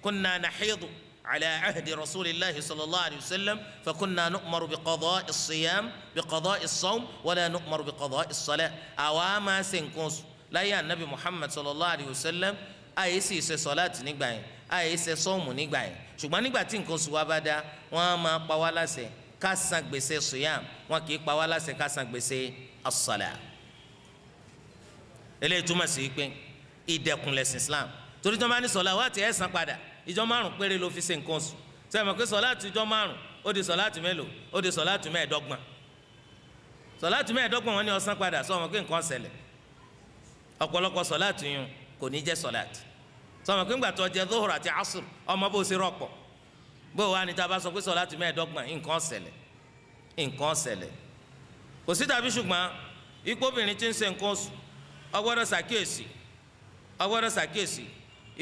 [SPEAKER 1] kunna nahidu ala ahdi rasulillahi sallallahu alayhi wa sallam fa kunna nu'maru bi qada'i as-siyam bi qada'i as-sawm wala bi qada'i as àwa máa ṣe nǹkan sọ láyé anabi Muhammad sallallahu alayhi wa sallam àyè sì ṣe sọ̀láàtì nígbà yẹn àìsẹ sọọmù nígbà yẹn ṣùgbọ́n nígbà tí nǹkan oṣù wa bá dá wọn á máa pa wá láṣẹ ká san gbèsè sùyàm wọn kì í pa wá láṣẹ ká san gbèsè asọlá eléyìí túmọ̀ sí pé ìdẹ̀kùn lẹ̀sìn Islam torí tí wọn bá ní sọlá wá ti ẹ̀ san padà ìjọ márùn péré ló fi ṣe nǹkan oṣù sẹ́mi pé sọlá ti ìjọ márùn ó di sọlá ti mélòó ó di sọlá ti mẹ́ẹ̀ẹ́dọ́gbọ̀n sọlá ti mẹ́ẹ̀ẹ́dọ́gbọ̀n wọn ni ó san padà sọ wọn pé nǹkan ṣẹlẹ̀ ọ̀pọ̀lọpọ̀ sọlá ti yun kò ní jẹ́ sọlá ti sọmọ pé ńgbà tó jẹ dóhùr àti asùr ọmọ bó ṣe rọpò bó wà ní tábà sọ pé sọ láti mẹ́ẹ̀ẹ́dọ́gbọ̀n nǹkan ṣẹlẹ̀ nǹkan ṣẹlẹ̀ kò sí tàbí ṣùgbọ́n ipò obìnrin ti ń ṣe nǹkan oṣù ó gbọ́dọ̀ ṣàkíyèsí ó gbọ́dọ̀ ṣàkíyèsí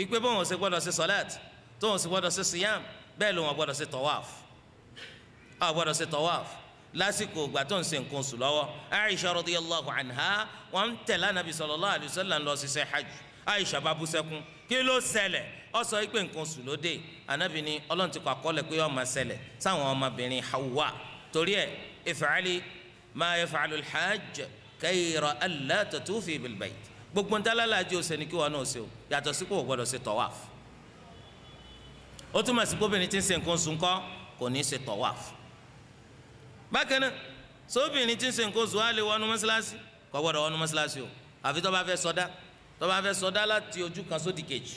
[SPEAKER 1] ipò bóun ṣe gbọ́dọ̀ ṣe sọlẹt tóun ṣe gbọ́dọ̀ ṣe síyàm bẹ́ẹ̀ lòun ó gbọ́dọ̀ ṣe tọwáf ó ṣe tọwáf lásìkò ìgbà tó ń ṣe nǹkan oṣù lọ́wọ́ aisha radiyallahu anha wọn ń tẹ̀lé anabi sallallahu alayhi wa sallam lọ sí ṣe hajj aisha bá bú sẹ́kún kí ló ṣẹlẹ̀ ó sọ pé nǹkan oṣù ló dé anabi ni ọlọ́run ti kọ àkọọ́lẹ̀ pé yóò máa ṣẹlẹ̀ sáwọn ọmọbìnrin hawa torí ẹ̀ if'ali ma yaf'alu al-hajj kayra alla tatufi bil bayt gbogbo ntálálàájì ó sẹni kí wọn náà ṣe o yàtọ̀ sí pé o gbọ́dọ̀ ṣe tọ́wáf ó túmọ̀ sí kóbìnrin tí ń ṣe nǹkan oṣù ńkọ́ kò ní ṣe tọ́wáf bákan náà sóbìnrin tí ń ṣe nǹkan oṣù á lè wọnú mọ́ṣáláṣí kò gbọ́dọ̀ wọnú mọ́ṣáláṣí o àfi bá fẹ́ sọdá tó bá fẹ́ sọdá láti ojú kan sódì kejì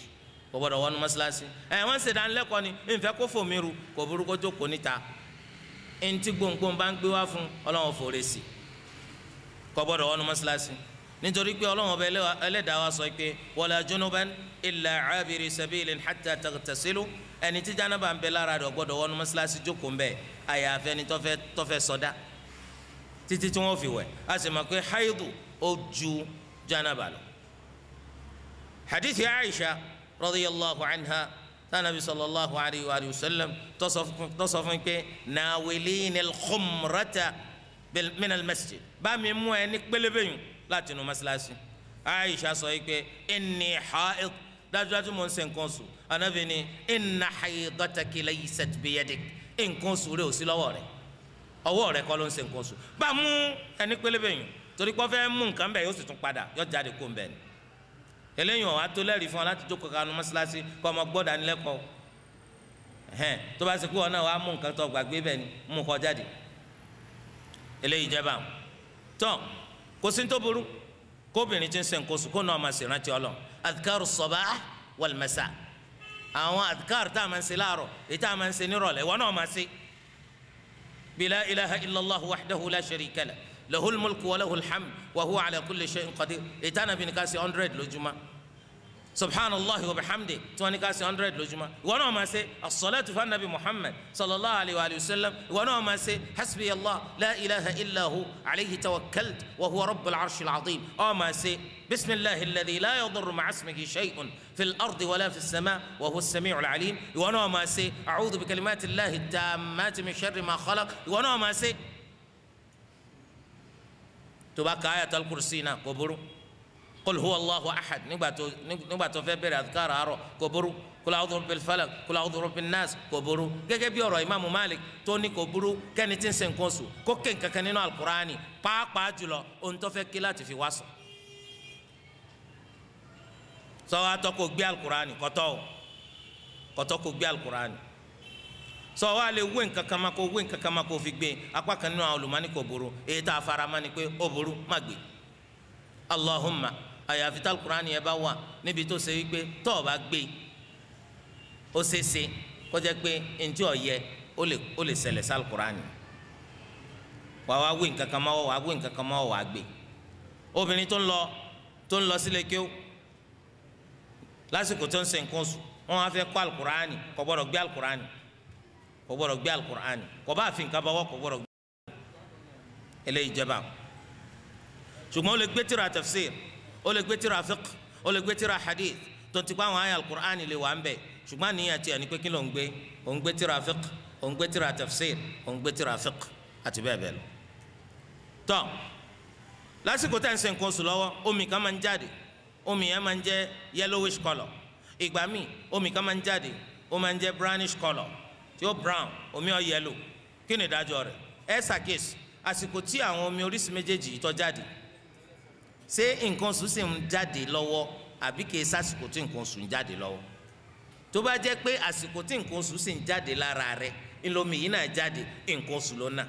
[SPEAKER 1] kò gbọdọ̀ wọnú mọ́ṣáláṣí ẹ wọ́n ń ṣèdánilẹ́kọ̀ọ́ ni nfẹ́ kó fòmí ru kò burúkú tó kò níta eŋti gbòǹgbòǹ bá ń gbé wá fún ọlọ́run fòrè sí kò gbọdọ̀ wọnú mọ́ṣáláṣí nítorí pé ọlọ́run ọba ẹlẹ́dàá wa sọ pé wala junuban illa abiri sabilin hatta tagtasilu ẹni tí jánábà ń bẹ lára rẹ̀ gbọdọ̀ wọnú mọ́ṣáláṣí jókòó ń bẹ̀ àyàfẹ́ ni tọ́fẹ́ tọ́fẹ́ sọdá títí tí wọ́n fi wẹ̀ a sì mọ̀ pé haidu ó ju jánábà lọ hadithi aisha radiyallahu anha tanabi sallallahu alayhi wa sallam tọsọ fún pé nawilini al-khumrata minal masjid bá mi mú ẹ ní pélébéyìn láti nu masalasi aisha sọ yìí pé inni haid dájúdájú mò ń ṣe nǹkan oṣù anabi ni inna haidataki laysat biyadik nǹkan oṣù rẹ ò sí lọ́wọ́ rẹ ọwọ́ rẹ kọ́ ló ń ṣe nǹkan oṣù bá mú ẹni pélébéyìn torí pé wọ́n fẹ́ mú nǹkan bẹ́ẹ̀ yóò sì tún padà yóò jáde kó ń bẹ́ẹ̀ ni eléyìí wọn wá tó lẹ́rìí fún ọ láti jókòó kanu mọ́ṣáláṣí kọ́ ọmọ gbọ́dọ̀ nílẹ́kọ̀ọ́ ẹ̀hẹ́n tó bá ṣe pé wọn náà wàá mú nǹkan tó gbàgbé bẹ́ẹ̀ ni mú kọ́ jáde eléyìí jẹba tọ kò sí tó burú kóbìnrin tí ń ṣe nǹkan oṣù kó náà máa ṣèrántí Ọlọ́run adhikaru sabah wal masa àwọn adhikaru tá a máa ń ṣe láàárọ̀ èyí tá a máa ń ṣe nírọ̀lẹ́ wọn náà máa ṣe bila ilaha illallah wahdahu la sharika له الملك وله الحمد وهو على كل شيء قدير اتانا بنكاسي 100 لجمع سبحان الله وبحمده تواني كاسي 100 لجمع ونو ما سي الصلاة فالنبي محمد صلى الله عليه وآله وسلم ونو ما سي حسبي الله لا إله إلا هو عليه توكلت وهو رب العرش العظيم أو آه ما سي بسم الله الذي لا يضر مع اسمه شيء في الأرض ولا في السماء وهو السميع العليم ونو ما سي أعوذ بكلمات الله التامات من شر ما خلق ونو ما سي tó bá ka ayatul kursi náà kò burú qul huwa allahu ahad nígbà tó fẹ́ bẹ̀rẹ̀ adhkara àárọ̀ kò burú kula awudu rabbil falak kula awudu rabbin nas kò burú gẹ́gẹ́ bí ọ̀rọ̀ imaamu malik tó ní kò burú kẹ́ni tí ń ṣe nǹkan oṣù kó kẹ́ nǹkankan nínú alukurani pàápàá jùlọ ohun tó fẹ́ fi wá sùn. sọ wa tọ́ kò gbé alukurani kọ́tọ́ o kọ́tọ́ gbé alukurani. sọ wa lè wé nǹkan kan ma kó wé nǹkan kan ma kó fi gbé apá kan nínú àwọn olùmọ́ni kò burú èyí tá a fara ma ni pé ó burú má gbé Allahumma àyàfi tá alukur'ani yẹn bá wà níbi tó ṣe wípé tó o bá gbé ó ṣe é ṣe kó jẹ́ pé ntí ọ̀yẹ ó lè ṣẹlẹ̀ sí alukur'ani wà wá wé nǹkan kan ma wọ́ wá wé nǹkan kan ma wọ́ wá gbé obìnrin tó ń lọ tó ń lọ sílé kéw lásìkò tó ń ṣe nǹkan oṣù wọn wá fẹ́ kó alukur'ani kò gbọ́dọ̀ gbé alukur'ani. kò gbọ́dọ̀ gbé alukur'an kò bá àfin kaba wọ́ kò gbọ́dọ̀ gbé eléyìí jẹba ṣùgbọ́n ó lè gbé tírà tafsir ó lè gbé tírà fiqh ó lè gbé tírà hadith tonti pa àwọn àyà alukur'an lè wà ń bẹ̀ ṣùgbọ́n àníyàn tiẹ̀ ni pé kí ló ń gbé ó ń gbé tírà fiqh ó ń gbé tírà tafsir ó ń gbé tírà fiqh àti bẹ́ẹ̀ bẹ́ẹ̀ lọ. tọ́ lásìkò tá à ń ṣe nǹkan oṣù lọ́wọ́ omi kan máa ń jáde omi yẹn máa ń jẹ́ yellowish colour ìgbà míì omi kan máa ń jáde ó máa ń jẹ́ brownish colour yóò brown omi ọ yellow kí ni ìdájọ́ rẹ̀ ẹ ṣàkíyèsí àsìkò tí àwọn omi oríṣi méjèèjì yìí tó jáde ṣé nǹkan oṣù sì ń jáde lọ́wọ́ àbí kì í sásìkò tí nǹkan oṣù ń jáde lọ́wọ́ tó bá jẹ́ pé àsìkò tí nǹkan oṣù sì ń jáde lára rẹ̀ ńlọmi yìí náà jáde nǹkan oṣù ló náà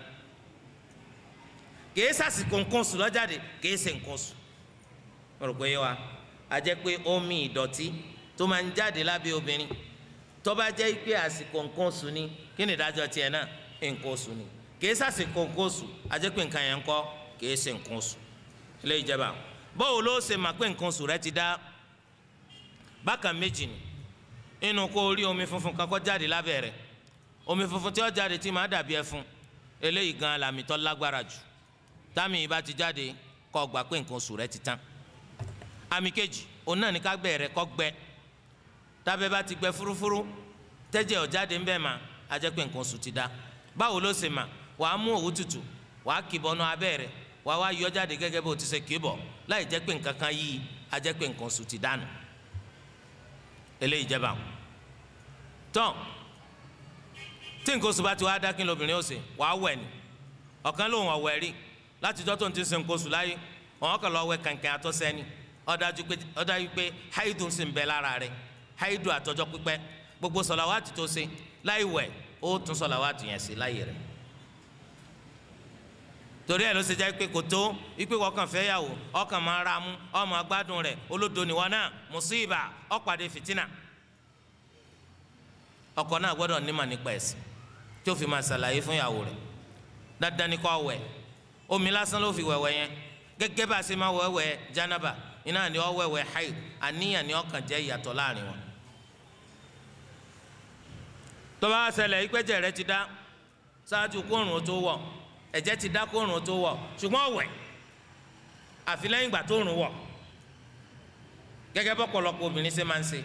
[SPEAKER 1] kì í sásìkò nǹkan oṣù ló jáde kì í ṣe nǹkan oṣù mo rò pé yẹ wa a jẹ́ pé omi ìdọ̀tí tó máa ń jáde lábẹ́ obìnrin tó bá jẹ́ pé àsìkò nǹkan oṣù ni kí ni ìdájọ́ tiẹ̀ náà nǹkan oṣù ni kìí sàsìkò nǹkan oṣù àti pé nǹkan yẹn ń kọ́ kìí ṣe nǹkan oṣù ilé ìjẹba báwo ló ṣe mà pé nǹkan oṣù rẹ ti dá bákan méjì ni inú kó o rí omi funfun kan jáde lábẹ́ rẹ̀ omi funfun tí ó jáde tí máa dàbí ẹfun eléyìí gan làmì tó lágbára jù tàmì ìbá ti jáde kó gbà pé nǹkan oṣù rẹ ti tán àmì kejì òun náà ní ká gbẹ rẹ kó tábẹ́ bá ti gbẹ furufuru tẹ́jẹ̀ ó jáde ma mà ti da báwo ló ṣe mà wàá mú òwú tutù wàá kìbọnú abẹ́ rẹ̀ wàá wá yọ jáde gẹ́gẹ́ bó ti ṣe láì jẹ́ pé nǹkan kan yí ti dànù eléyìí jẹba tán tí nǹkan oṣù bá ti wá dá lóbìnrin ó ṣe wàá wẹ̀ ni ọ̀kan lòun ọ̀wẹ̀ rí láti jọ́ tó ń ti ṣe haidu àtọjọ́ pípẹ́ gbogbo sọlawaati tó ṣe láì wẹ̀ ó tún sọlawaati yẹn ṣe láyè rẹ̀ torí ẹ̀ ló ṣe jẹ́ pé kò tó ipe kọkàn fẹ́ yàwó ọkàn máa ra mú ọmọ agbádùn rẹ̀ olódo níwọ náà mùsíbà ọ̀pàdé fìtínà ọkọ náà gbọ́dọ̀ nímọ̀ nípa ẹ̀sìn tí ó fi máa ṣàlàyé fún ìyàwó rẹ̀ dandan ni kó wẹ̀ omi lásán ló fi wẹ̀wẹ̀ yẹn gẹ́gẹ́ bá a ṣe máa wẹ̀wẹ̀ jánábà iná ni ọ wẹ̀wẹ̀ haid àníyàn ni ọkàn jẹ́ ìyàtọ̀ láàrin wọn. tó bá ṣẹlẹ̀ ìpẹ́jẹ̀ rẹ ti dá ṣáájú kóòrùn tó wọ̀ ẹ̀jẹ̀ ti dá kóòrùn tó wọ̀ ṣùgbọ́n ọ̀wẹ̀ àfi lẹ́yìn ìgbà tó rùn wọ̀ gẹ́gẹ́ bọ́pọ̀lọpọ̀ obìnrin ṣe máa ń ṣe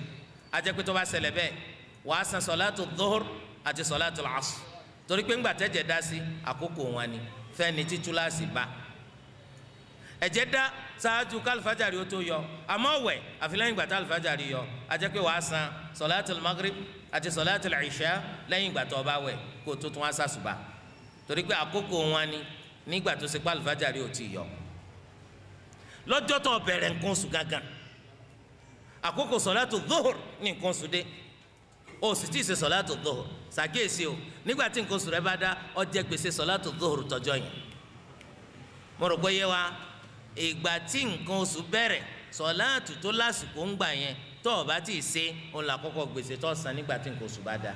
[SPEAKER 1] ajẹ́pẹ́ tó bá ṣẹlẹ̀ bẹ́ẹ̀ wàá san sọ̀láàtù dọ́hùr àti sọ̀láàtù làásù torí pé ńgbà tẹ́jẹ̀ dá sí àkókò wọn ni fẹ́ni títúláàsì bá ẹ̀jẹ̀ dá ṣáájú kálífàjárì ó tó yọ àmọ́ wẹ̀ àfilẹ́yìn gbàtà àlífàjárì yọ ajẹ́ pé wàá san sọ̀láàtìl magrib àti sọ̀láàtìl ìṣá lẹ́yìn gbàtà ọba wẹ̀ kó tó tún wá sàṣùbà torí pé àkókò wọn ni nígbà tó ṣe kálífàjárì ó ti yọ lọ́jọ́ tó bẹ̀rẹ̀ nǹkan oṣù gangan àkókò sọ̀láàtù dóhùr ní nǹkan oṣù dé o sì tí ì ṣe sọ̀láàtù dóhùr ṣàkíyèsí o nígbà tí nǹkan oṣù rẹ bá dá ó jẹ gbèsè sọ̀láàtù dóhùr tọjọ́ yẹn mo rò pé yé wa ìgbà tí nǹkan oṣù bẹ̀rẹ̀ sọ̀láàtù tó lásìkò ń gbà yẹn tó o bá ti ṣe òun là kọ́kọ́ gbèsè tó san nígbà tí nǹkan oṣù bá dà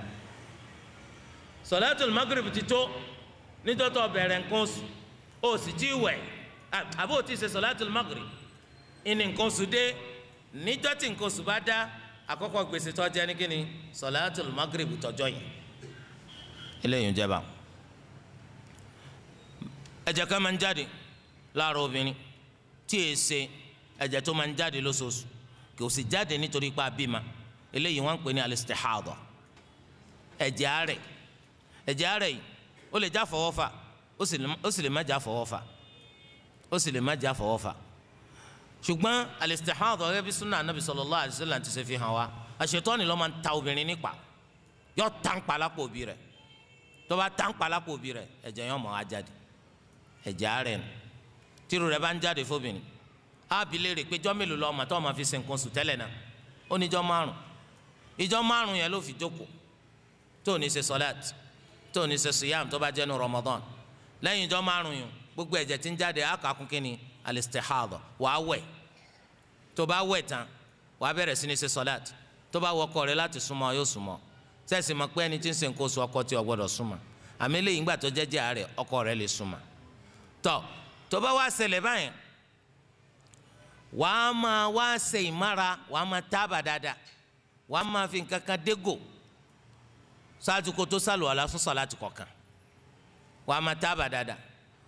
[SPEAKER 1] sọ̀láàtù magrib ti tó nítorí tó bẹ̀rẹ̀ nǹkan oṣù o sì ti wẹ̀ àbó ti ṣe sọ̀láàtù magrib ìní nǹkan oṣù dé níjọ́ tí nǹkan oṣù bá dá àkọ́kọ́ gbèsè tó jẹ́ ní kíni sọ̀láàtù magrib tọjọ́ yẹn eléyìí ń jẹba ẹ̀jẹ̀ kan máa ń jáde láàárọ̀ obìnrin tí e ṣe ẹ̀jẹ̀ tó máa ń jáde lóṣooṣù kò sì jáde nítorí pé bímọ eléyìí ń pè ní alistihada ẹ̀jẹ̀ àárẹ̀ ẹ̀jẹ̀ àárẹ̀ yìí ó lè já ó sì lè má já ó sì lè má já anabi ti fi hàn wa máa ń ta obìnrin yọ òbí rẹ̀ bá òbí rẹ̀ ẹ̀jẹ̀ yọ mọ́ tírú rẹ̀ bá ń jáde fóbìnrin ábí léèrè pé jọ́ mélòó lọ́ọ́ mà tó máa fi ṣe nǹkan oṣù tẹ́lẹ̀ náà ó ní jọ́ márùn ìjọ́ márùn yẹn ló fi jókòó tó ní ṣe sọ́láàt tó ní ṣe siyam tó bá jẹ́ nu Ramadan lẹ́yìn ìjọ́ márùn yìí gbogbo ẹ̀jẹ̀ tí ń jáde á kà á kún kínní wẹ̀ tó bá wẹ̀ tán wàá bẹ̀rẹ̀ sí ní ṣe sọ́láàt tó bá wọ ọkọ láti súnmọ́ yóò súnmọ́ sẹ́sì mọ̀ pé ẹni tí ń ọkọ tí gbọ́dọ̀ súnmọ́ àmì tó wa wá ṣẹlẹ̀ báyìí wàá máa wá ṣe ìmára wàá máa tábà dáadáa wàá máa fi nǹkan kan dégò ṣáàtú kó tó sàlùwàlá fún sàlátì kọ̀ọ̀kan wàá máa tábà dáadáa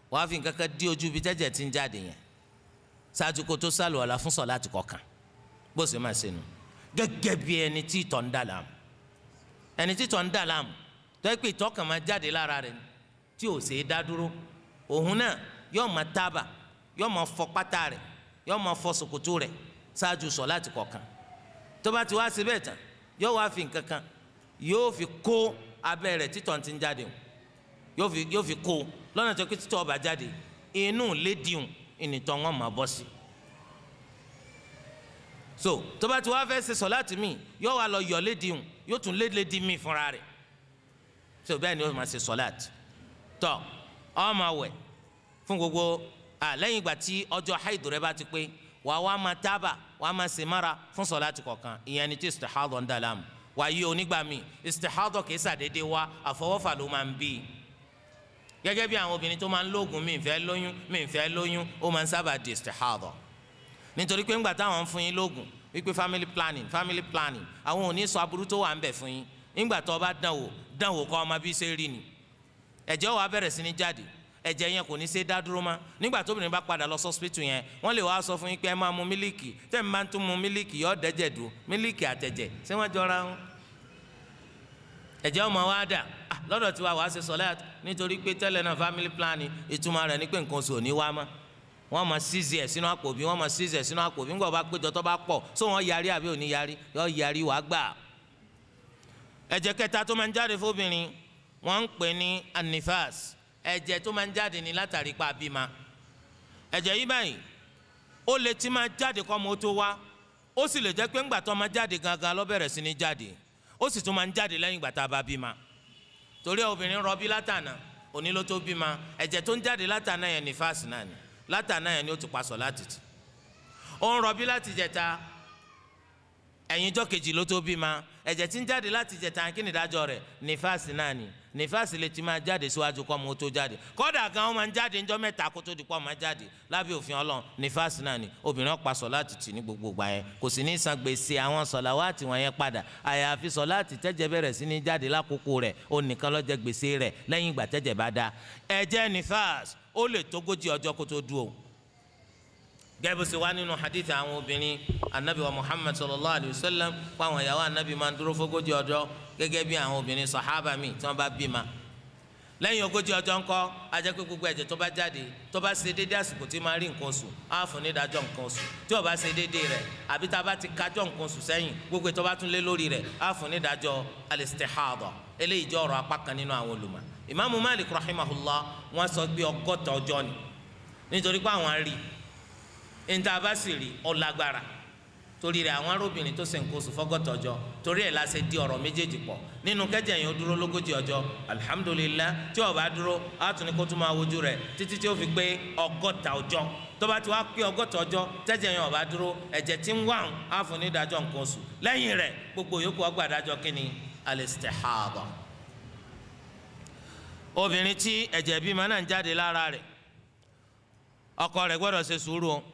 [SPEAKER 1] wàá fi nǹkan kan dí ojú ibi tẹ́jẹ̀ tí ń jáde yẹn ṣáàtú kó tó sàlùwàlá fún sàlátì kọ̀ọ̀kan bó ṣe máa ṣe nu gẹ́gẹ́ bí ẹni tí ìtọ̀ ń dà láàmú ẹni tí ìtọ̀ ń dà láàmú tọ́ ẹ pé ìtọ̀ máa jáde lára rẹ̀ tí ò ṣe é dá dúró òun náà yóò máa tábà yóò máa fọ pátá rẹ̀ yóò máa fọ ṣòkòtò rẹ̀ ṣáájú sọ̀láàtì kọ̀ọ̀kan tó bá ti wá sí bẹ́ẹ̀ tán yóò wá fi nǹkan kan yóò fi kó abẹ́ rẹ̀ títọ̀ ti ń jáde o yóò fi yóò fi kó lọ́nà tó kí títọ̀ ọba jáde inú lédiun ìnìtọ̀ wọn máa bọ́ sí. so tó bá ti wá fẹ́ ṣe sọ̀láàtì míì yóò wá lọ yọ̀ lédiun yóò tún lé lédi míì fúnra rẹ̀ so bẹ́ẹ̀ ni ó máa ṣe sọ̀láàtì tọ́ ọ máa wẹ̀ fún gbogbo àlẹ́yìn ìgbà tí ọjọ́ haidu rẹ bá ti pé wàá wá máa tábà wàá máa ṣe mára fún sọ̀láàtì kọ̀ọ̀kan ìyẹn ni tí istihadọ̀ ń dà láàmú wàyí onígbà míì istihadọ̀ kìí ṣàdédé wá àfọwọ́fà ló máa ń bí i gẹ́gẹ́ bí àwọn obìnrin tó máa ń lóògùn mi ìfẹ́ lóyún mi ìfẹ́ lóyún ó máa ń sábà di istihadọ̀ nítorí pé ńgbà táwọn ń fún yín lóògùn wípé family planning family planning àwọn ò ní sọ aburú tó wà ń bẹ̀ fún yín ńgbà tó o bá dánwò dánwò kọ́ ọmọ bí ṣe rí ni ẹ̀jẹ̀ wàá bẹ̀rẹ̀ sí ní jáde ẹ̀jẹ̀ yẹn kò ní ṣe dá dúró mọ́ nígbà tóbìnrin bá padà lọ sọ́sìpìtì yẹn wọ́n lè wá sọ fún yín pé ẹ máa mu mílíkì tẹ́ ẹ máa tún mu mílíkì yọ dẹ́jẹ̀ dùn mílíkì àtẹ̀jẹ̀ ṣé wọ́n jọra wọn. ẹ̀jẹ̀ ọmọ wa dà ah, lọ́dọ̀ tiwa wàá ṣe sọ́lẹ́t nítorí pé tẹ́lẹ̀ náà family planning ìtumọ̀ rẹ̀ ní pé nǹkan oṣù ò ní wá mọ́ wọ́n máa ṣíìsì ẹ̀ sínú àpò bí wọ́n máa ṣíìsì ẹ̀ sínú àpò bí ńgbà bá péjọ tó bá pọ̀ só wọ́n yarí àbí ò yarí yọ yarí wàá gbà. ẹ̀jẹ̀ kẹta tó máa ń jáde fóbìnrin wọ́n ń pè ní anifas ẹ̀jẹ̀ tó máa ń jáde ní látàrí pa bímọ ẹ̀jẹ̀ yìí báyìí ó lè ti máa jáde kọ́ ọmọ tó wá ó sì lè jẹ́ pé ńgbà tó máa jáde gangan ló sí ma jáde ó sì tún máa ń jáde lẹ́yìn ìgbà tá a bá bímọ torí obìnrin rọbí látànà òní ló tó bímọ ẹ̀jẹ̀ tó ń jáde látànà yẹn ni látànà ẹ̀yìn ijọ́ kejì ló tó bí ma ẹ̀jẹ̀ tí ń jáde láti jẹ̀ta kí ni ìdájọ́ rẹ̀ nífàsì náà ni nífàsì lè ti máa jáde síwájú kọ́ ọmọ tó jáde kọ́dà gan ọmọ ń jáde ńjọ́ mẹ́ta kó tó di pọ́ ọmọ jáde lábẹ́ òfin ọlọ́run nífàsì náà ni obìnrin ọ̀pá sọ láti tì ní gbogbo ìgbà yẹn kò sì ní san gbèsè àwọn sọ̀lá wá tì wọ́n yẹn padà àyàfi sọ láti tẹ́jẹ̀ bẹ̀rẹ̀ sí ní jáde lákòókò rẹ̀ ó nìkan gbèsè rẹ̀ lẹ́yìn ìgbà tẹ́jẹ̀ bá dá ẹ̀jẹ̀ nífàsì ó lè tógójì ọjọ́ kó tó dúró gẹ́gẹ́ bó ṣe wá nínú hadith àwọn obìnrin anabi wa muhammad sallallahu alayhi wa sallam fáwọn ìyàwó anabi máa ń dúró fógójì ọjọ́ gẹ́gẹ́ bí àwọn obìnrin sahaba mi tí wọ́n bá bímọ lẹ́yìn ogójì ọjọ́ ńkọ́ ajẹ́ pé gbogbo ẹ̀jẹ̀ tó bá jáde tó bá ṣe déédéé àsìkò tí máa rí nǹkan oṣù á fún nídàájọ́ nǹkan oṣù tí ò bá ṣe déédéé rẹ̀ àbí tá a bá ti kájọ́ nǹkan oṣù sẹ́yìn gbogbo tó bá tún lé lórí rẹ̀ á fún nídàájọ́ alistihada eléyìí jẹ́ ọ̀rọ̀ apá kan nínú àwọn olùmọ̀ ìmáàmù malik rahimahullah wọ́n sọ pé ọgọ́ta ọjọ́ ni nítorí pé àwọn rí níta bá sì rí ọlágbára torí rẹ̀ àwọn arábìnrin tó ṣe nǹkan oṣù fọ́gọ́tọ̀ torí ẹ̀ la di ọ̀rọ̀ méjèèjì pọ̀ nínú kẹ́jẹ́ yẹn ó dúró lógójì ọjọ́ alihamudulilayi tí ó bá dúró á tún ní kó tún máa wojú rẹ̀ títí tí ó fi pé ọgọ́ta ọjọ́ tó bá ti wá pé ọgọ́ta ọjọ́ tẹ́jẹ̀ yẹn ó bá dúró ẹ̀jẹ̀ tí ń wà ń á fún ní ìdájọ́ nǹkan oṣù gbogbo yòókù ọgbà ìdájọ́ kí ni alistihaba obìnrin tí ẹ̀jẹ̀ bímọ náà ń jáde lára rẹ̀ ọkọ rẹ̀ gbọ́dọ̀ ṣe sùúrù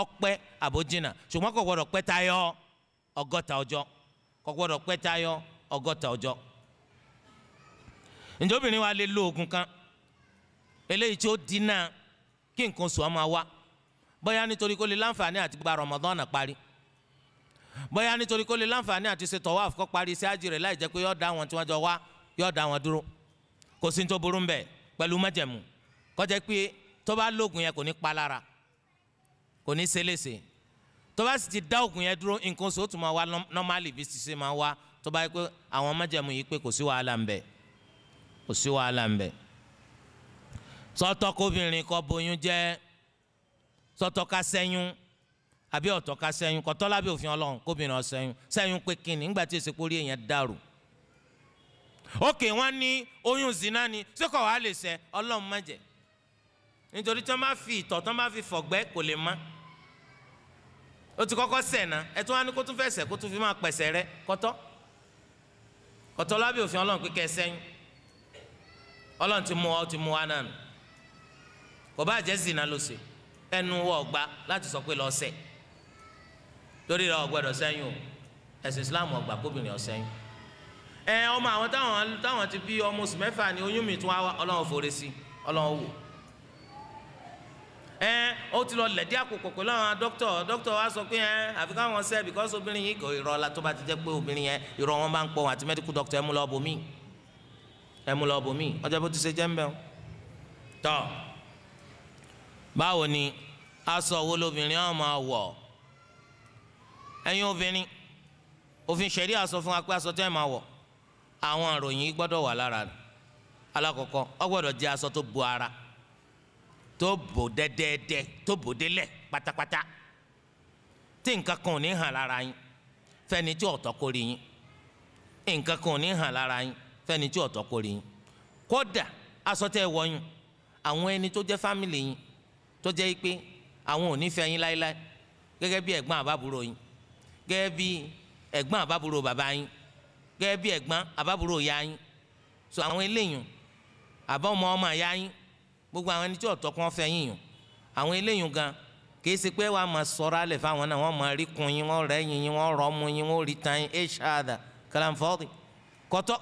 [SPEAKER 1] ọpẹ́ àbójìnà ṣùgbọ́n kò gbọdọ̀ pẹ́ tayọ ọgọ́ta ọjọ́ kò gbọdọ̀ pẹ́ tayọ ǹjẹ́ obìnrin wa lè lo oògùn kan eléyìí tí ó dínà kí nǹkan ọmọ wa bóyá nítorí kó lè láǹfààní àti gba Ramadan parí bóyá nítorí kó lè láǹfààní àti ṣe parí sí láì pé da wọn tí jọ wá yọ̀ọ́ da wọn dúró kò sí ní tó burú ń pé tó bá lóògùn kò ní ṣe léṣe tó bá sì ti dá òògùn yẹn dúró nǹkan oṣù ó tún máa wá nọ́málì bí ṣiṣẹ́ máa wá tó bá yẹ pé àwọn májẹ̀mú yìí pé kò sí wàhálà ń bẹ kò sí wàhálà ń bẹ sọ́tọ̀ kóbìnrin kó bóyún jẹ́ sọ́tọ̀ ká àbí ọ̀tọ̀ ká ṣẹ́yún kò òfin Ọlọ́run kóbìnrin ó ṣẹ́yún ṣẹ́yún pé kíni nígbà tí èsì kórìí èèyàn dàrú ókè wọ́n ní oyún zina ṣé kò wàá lè ṣe Ọlọ́run má nítorí tí wọ́n bá fi ìtọ̀ tí wọ́n bá fi fọ̀gbẹ́ kò lè mọ́ ó ti kọ́kọ́ ṣẹ̀ náà ẹ tún wá ní kó tún fẹsẹ̀ kó tún fi máa pẹ̀sẹ̀ rẹ kọ́tọ́ kọ́tọ́ lábẹ́ òfin ọlọ́run pé kẹsẹ́yìn ọlọ́run ti mú wa ó ti mú wa náà nù kò bá jẹ́ zina ló ṣe ẹnu wọ ọgbà láti sọ pé lọ ṣẹ̀ lórí rẹ ọgbẹ́dọ̀ sẹ́yìn o ẹ̀sìn Islam ọgbà kóbìnrin ọ̀sẹ́yìn ẹ ọmọ àwọn táwọn táwọn ti bí ọmọ oṣù mẹ́fà ni oyún mi tún wá ọlọ́run forí sí ọlọ́run wò ẹ ó ti lọ lẹ̀dí àkókò pẹ̀lú àwọn dókítọ̀ dókítọ̀ wa sọ pé ẹ àfi káwọn sẹ́ because obìnrin yìí kò irọ́ la tó bá ti jẹ́ pé obìnrin yẹn irọ́ wọn bá ń pọ̀ àti medical doctor ẹ mú lọ bòmí ẹ mú lọ bòmí ọjọ́ bó ti ṣe jẹ́ ń bẹ̀ o tọ́ báwo ni aṣọ wo lobìnrin ọ̀ máa wọ̀ ẹ̀yin obìnrin òfin ṣẹ̀rí aṣọ fún wa pé aṣọ tẹ́ ẹ máa wọ̀ àwọn ìròyìn gbọ́dọ̀ wà lára alákọ̀ọ́kọ́ ọ tó bò dẹ́dẹ́dẹ́ tó bò pátápátá tí nǹkan kan ò ní hàn lára yín fẹ́ni tí ọ̀tọ̀ kò rí yín nǹkan kan ò ní hàn lára yín fẹ́ni tí ọ̀tọ̀ kò rí yín kódà aṣọ tẹ́ àwọn ẹni tó jẹ́ fámìlì yín tó jẹ́ pé àwọn ò ní fẹ́ yín láéláé gẹ́gẹ́ bí ẹ̀gbọ́n àbábúrò yín gẹ́gẹ́ bí ẹ̀gbọ́n àbábúrò bàbá yín gẹ́gẹ́ bí ẹ̀gbọ́n àbábúrò yín so àwọn eléyìn ọmọ gbogbo àwọn ẹni tí ọ̀tọ́ kan fẹ́ yín àwọn eléyìí gan kì í ṣe pé wàá máa sọ̀rọ̀ alẹ̀ fáwọn náà wọ́n máa rí kun yín wọ́n rẹ́ yín yín wọ́n rọ́ mu yín wọ́n rí tan yín ẹ̀ṣáàdà kàlàǹfọ́ọ̀dì kọ́tọ́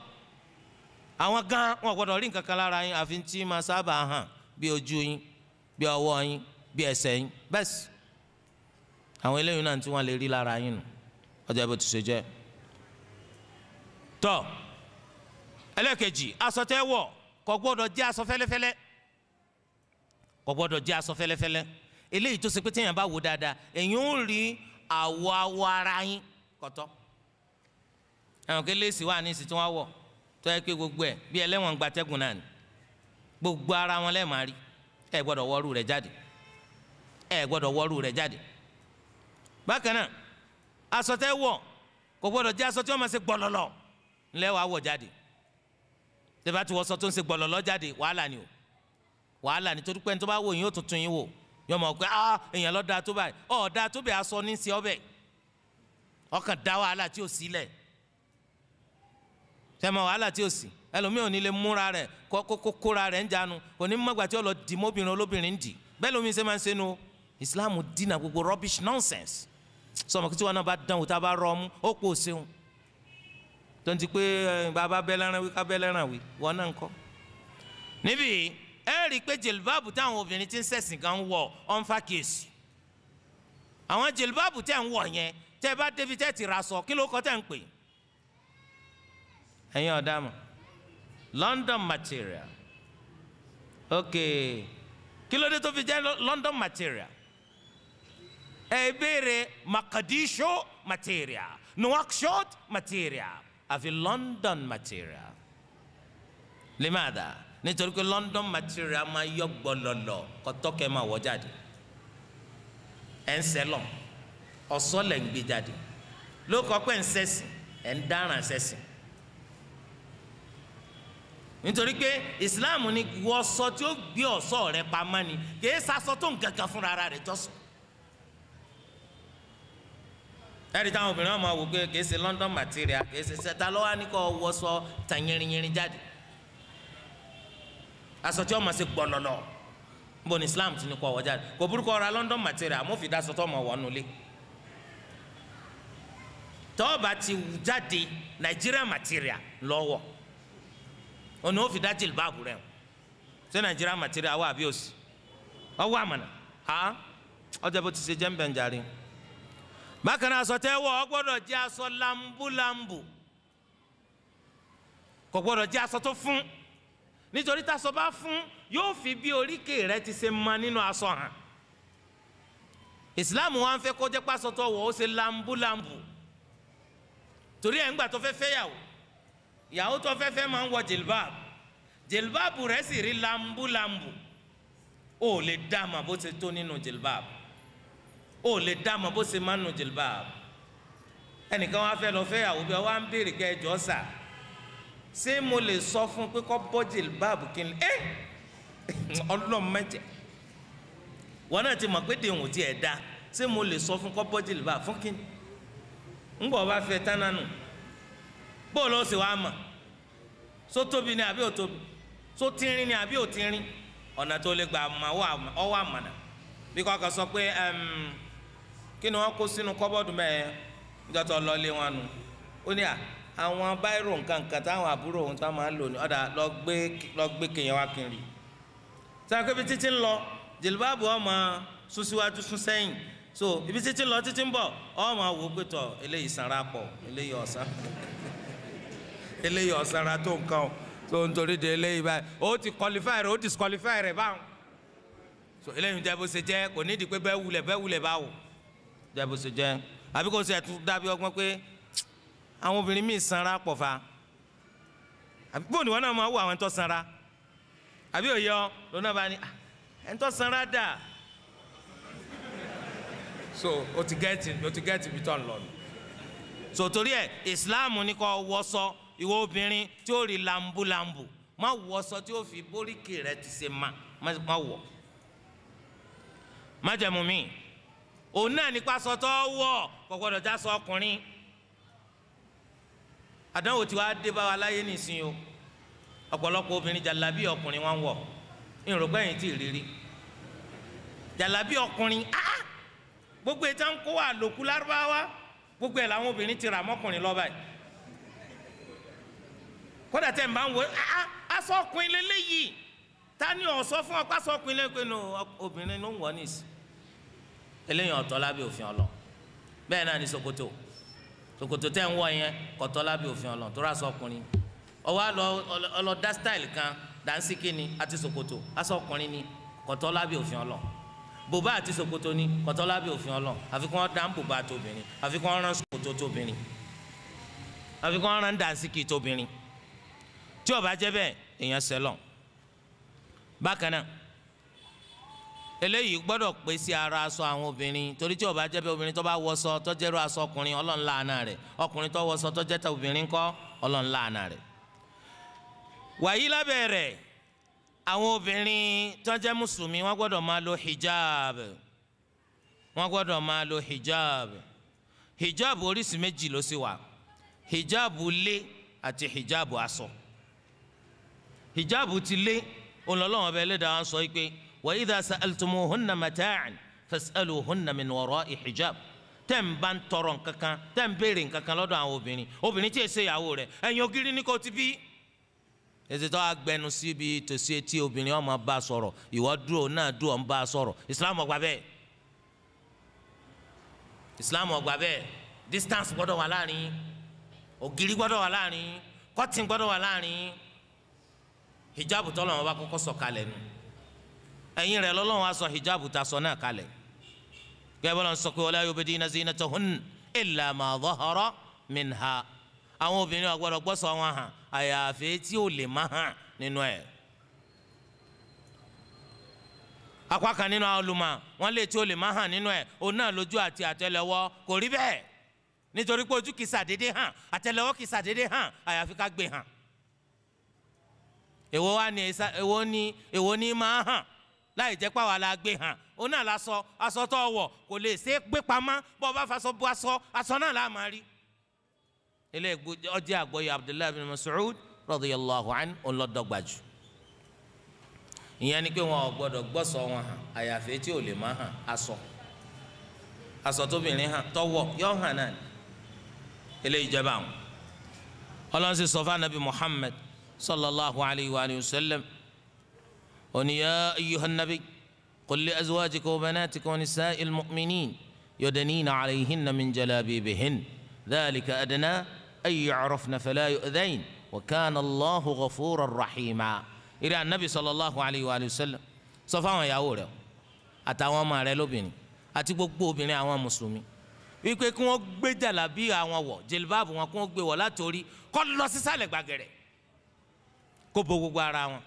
[SPEAKER 1] àwọn gan wọn gbọ́dọ̀ rí nǹkan kan lára yín àfi tí máa sábà hàn bí ojú yín bí ọwọ́ yín bí ẹsẹ̀ yín bẹ́ẹ̀sì àwọn eléyìí náà tí wọ́n lè rí lára yín nù ọjọ́ tó ṣe jẹ́ tọ́ kò gbọ́dọ̀ jẹ́ aṣọ fẹ́lẹ́fẹ́lẹ́ eléyìí tó ṣe pé téèyàn bá wò dáadáa èyàn ó rí àwọ̀ awọ ara yín kọ̀tọ́ àwọn kí wà ní ìsìn tí tó yẹ pé gbogbo ẹ̀ bí ẹlẹ́wọ̀n gbatẹ́gùn náà ni gbogbo ara wọn lẹ́ẹ̀ máa rí ẹ gbọ́dọ̀ wọ́ọ́rù rẹ̀ jáde ẹ gbọ́dọ̀ wọ́ọ́rù rẹ̀ jáde bákan náà aṣọ tẹ́ wọ̀ kò gbọ́dọ̀ jẹ́ aṣọ tí wọ́n máa ṣe gbọ̀lọ̀lọ̀ ńlẹ́ wàá wọ̀ jáde tẹ́fà tí wọ́n sọ tó ń ṣe gbọ̀lọ̀lọ̀ jáde wàhálà ni o wàhálà nítorí pé ní tó bá wò yín ó tuntun yín wò yọmọ pé ah èèyàn lọ da tó ọ da tó bẹ asọ ní sí ọbẹ ọkàn da wàhálà tí ò sílẹ̀ sẹmọ wàhálà tí ò sí ẹlòmíì ò ní lè múra rẹ̀ kókó kóra rẹ ń jánu kò ní mọgbà tí lọ dì olóbìnrin dì bẹ́ẹ̀ lómi ṣe máa ń Islam dínà gbogbo rubbish nonsense sọmọ náà bá bá rọ ọmú ó pò tó ẹ rí i pé jìlbáàbù táwọn obìnrin ti ń ṣẹ̀sìn gan ń wọ̀ ọ́n fà kíyèsí àwọn jìlbáàbù tẹ̀ ń wọ̀ yẹn tẹ́ bá débi tẹ́ ti ra sọ kí ló kọ́ tẹ́ ń pè ẹ̀yin ọ̀dà mọ̀ London material ok kí ló dé tó fi jẹ́ London material ẹ béèrè Makadisho material Nouakchott material àfi London material limada nítorí pé London material máa yọ gbọlọlọ kọtọkẹ máa wọ jáde ẹ ń sẹlọ ọsọ lẹ ń gbé jáde ló kọ pé ń sẹsìn ẹ nítorí pé Islam ni wọ ọsọ tí ó gbé ọsọ rẹ pamọ́ ni kì í sasọ tó ń kankan fúnra rẹ jọsọ ẹ̀rí táwọn obìnrin wọn máa wò pé kì í ṣe London material kì í ṣe ṣẹta lọ́wọ́ á ní kó wọ́sọ tàn yẹrin jáde aṣọ ọmọ ṣe gbọlọlọ níbo Islam ti ní kọ ọwọ jáde kò burúkọ ra London material mo fi ọmọ tọọba ti jáde Nigeria material lọwọ òní ó fi dá jìlbáàbù rẹ̀ ṣé Nigeria material wà àbí òsì ọwọ́ àmàna ha bó ti ṣe jẹ́ bákan náà kò nítorí taṣọ bá fún yóò fi bí oríkèé rẹ ti ṣe mọ nínú aṣọ hàn islam wa ń fẹ́ kó jẹ́ pásọ tó wọ̀ ó ṣe lambulambu torí ẹ̀ ń gbà tó fẹ́ fẹ́ yàwó tó fẹ́ fẹ́ máa ń wọ jilbab jilbab rẹ̀ sì rí lambulambu ó lè dá mà bó ṣe tó nínú jilbab ó lè dá mà bó ṣe má nínú jilbab ẹnìkan wá fẹ́ lọ fẹ́ yàwó bí wọ́n ń béèrè kẹ́ ẹ jọ́ ṣé mo lè sọ fún pé kọ́ bọ́jì báàbù kí n ẹ́ eh! ọlọ́run mẹ́jẹ wọn náà ti mọ̀ pé dèhùn ti ẹ̀ da ṣé mo lè sọ fún kọ́ bọ́jì báàbù fún kí n ń bọ̀ bá fẹ́ tánánu bóòlù ó sì wá mọ̀ só tóbi ni àbí ò tóbi só tínrín ni àbí ò tínrín ọ̀nà tó lè gbà ọwọ́ àmàna bí kò kà sọ pé kí ni wọ́n kó sínú kọ́bọ́ọ̀dù mẹ́ẹ̀ẹ́ nígbà tó lọ lé wọn nù ó ní à àwọn báírò nǹkan nǹkan táwọn àbúrò òun táwọn máa ń lò ní ọ̀dà lọ gbé lọ gbé kéèyàn wá kiri sáà pé ibi títí ń lọ jìlbáàbù ọmọ sún síwájú sún sẹ́yìn so ibi títí ń lọ títí ń bọ̀ ọmọ wò ó pé tọ̀ eléyìí sanra pọ̀ eléyìí ọ̀sán eléyìí ọ̀sánra tó nǹkan o so nítorí de eléyìí báyìí o ti qualify rẹ o disqualify rẹ báwọn so eléyìí jẹ́ bó ṣe jẹ́ kò ní ìdí pé bẹ́ẹ̀ wulẹ̀ bẹ́ẹ̀ wulẹ̀ báwò jẹ́ bó ṣe jẹ́ àbí kò ṣe ẹ̀tún dábí ọgbọ́n pé àwọn obìnrin míì sanra pọ̀ fa bó ni wọn náà máa wọ àwọn ẹ̀ńtọ́ sanra àbí òye ọ lọ́nà bá ní ah, ẹ̀ńtọ́ sanra dà so o ti gẹ́ẹ̀tì o ti gẹ́ẹ̀tì bí tọ́ lọ nù so torí ẹ ìsìláàmù ni kò wọṣọ ìwọ obìnrin tí ó rí lambulambu má wọṣọ tí ó fi bóríkì rẹ ti ṣe má má wọ májẹ̀mú mi òun náà nípa sọtọ wọ kò gbọdọ̀ já sọ ọkùnrin. So, àdánwò tí wàá dé bá wa láyé nìsín o ọ̀pọ̀lọpọ̀ obìnrin jàlábí ọkùnrin wọn wọ̀ ìrògbẹ́ yìí ti rírí jàlábí ọkùnrin ah gbogbo ẹ̀ tá ń kó wa lòkú lárúbáwá gbogbo ẹ̀ làwọn obìnrin ti rà mọ́kùnrin lọ́ba yìí kódà tẹ̀ ń bá ń wọ ah aṣọ ọkùnrin lélẹ́yìí ta ni ó sọ fún ọ pásọ ọkùnrin lẹ́gbẹ̀ẹ́ nù obìnrin ló ń wọ̀ nísì eléyìí ọ̀tọ̀ lábẹ́ òfin ọlọ bẹ́ẹ̀ náà ní ṣòkòtò ṣòkòtò tẹ́ ń wọ̀ yẹn kọ̀tọ́ lábẹ́ òfin ọlọ́run tó rà sọ ọkùnrin ọwọ́ àlọ́ ọlọ́ dá style kan dànsíkì ni àti ṣòkòtò aṣọ ọkùnrin ni kọ̀tọ́ lábẹ́ òfin ọlọ́run bùbá àti ṣòkòtò ni kọ̀tọ́ lábẹ́ òfin ọlọ́run àfikún ọ̀dàn bùbá tóbìnrin àfikún ọ̀ràn ṣòkòtò tóbìnrin àfikún ọ̀ràn dànsíkì tóbìnrin tí ó bá jẹ́ bẹ́ẹ̀ èèyàn ṣẹlọ̀ bákan náà eléyìí gbọ́dọ̀ pé sí ara aṣọ àwọn obìnrin torí tí ó bá jẹ́ pé obìnrin tó bá wọṣọ tó jẹ́rú aṣọ ọkùnrin Ọlọ́run láàánà rẹ̀ ọkùnrin tó wọṣọ tó jẹ́ ta obìnrin kọ́ Ọlọ́run láàánà rẹ̀. wàyí lábẹ́ rẹ̀ àwọn obìnrin tó jẹ́ mùsùlùmí wọ́n gbọ́dọ̀ máa lo hijab wọ́n gbọ́dọ̀ máa lo hijab hijab oríṣi méjì ló sì wà hijab lé àti hijab aṣọ hijab ti lé Ọlọ́run Ọba Ẹlẹ́dàá wa وإذا idha sa'altumuhunna mata'an fas'aluhunna min wara'i hijab tẹ́ ń bá ń tọrọ nkankan tẹ́ ń béèrè nkankan lọ́dọ̀ àwọn obìnrin obìnrin tí èsè ìyàwó rẹ̀ ẹ̀yìn ògiri ni kò ti bí. ètùtù agbẹnu síbi tòsí etí obìnrin ọmọ bá a sọ̀rọ̀ ìwọ dúró náà dúró ń bá a sọ̀rọ̀ ìsìlámù ọgbà bẹ́ẹ̀ ìsìlámù ọgbà bẹ́ẹ̀ distance gbọ́dọ̀ wà láàrin ògiri gbọ́dọ̀ wà láàrin kọ́tìn gbọ́dọ̀ wà láàrin hijabu tọ́lọ́mọba kọ́kọ́ sọ̀kalẹ̀ nù ẹ̀yìn rẹ̀ lọ́lọ́run á sọ hijab ta sọ náà kalẹ̀ gẹ́gẹ́ lọ́n sọ pé wala yubdina zinatahun illa ma zahara minha àwọn obìnrin àgbọ̀dọ̀ gbọ́sọ̀ wọn hàn àyàfi tí ò lè má hàn nínú ẹ̀ apá kan nínú àwọn olùmọ̀ wọn lè tí ò lè má hàn nínú ẹ̀ òun náà lójú àti àtẹ́lẹwọ́ kò rí bẹ́ẹ̀ nítorí pé ojú kìsà déédéé hàn àtẹ́lẹwọ́ kìsà déédéé hàn àyàfi ká gbé hàn èwo wá ní èwo ní èwo ní máa hàn láì jẹ́ pàwọ́ la gbé hàn òun náà la sọ aṣọ tó wọ̀ kò lè ṣe é gbé pamọ́ bọ́ bá faṣọ bu aṣọ aṣọ náà la máa rí. ilé ọjọ́ àgbọ̀yọ̀ Abdullahi bin Mas'ud radiyallahu an ọlọ́dọ̀gbàjù. ìyẹn ni pé wọn ò gbọ́dọ̀ gbọ́sọ̀ wọn hàn àyàfẹ́ tí ò lè má hàn aṣọ aṣọ tóbìnrin hàn tọwọ́ yọ hàn náà ilé ìjọba àwọn. ọlọ́run sì sọ fún anabi Muhammad sallallahu alayhi wa sallam. أن يا أيها النبي قل لأزواجك وبناتك ونساء المؤمنين يدنين عليهن من جلابيبهن ذلك أدنى أن يعرفن فلا يؤذين وكان الله غفورا رحيما إلى النبي صلى الله عليه وآله وسلم صفاوان يا أولى أتاوان ما رلوبيني àti gbogbo obìnrin àwọn mùsùlùmí wípé kí wọ́n gbé jàlábí àwọn wọ̀ jìlbáàbù wọn kí wọ́n gbé wọ̀ látòrí kó lọ sísàlẹ̀ gbàgẹ̀rẹ̀ kó bo gbogbo ara wọn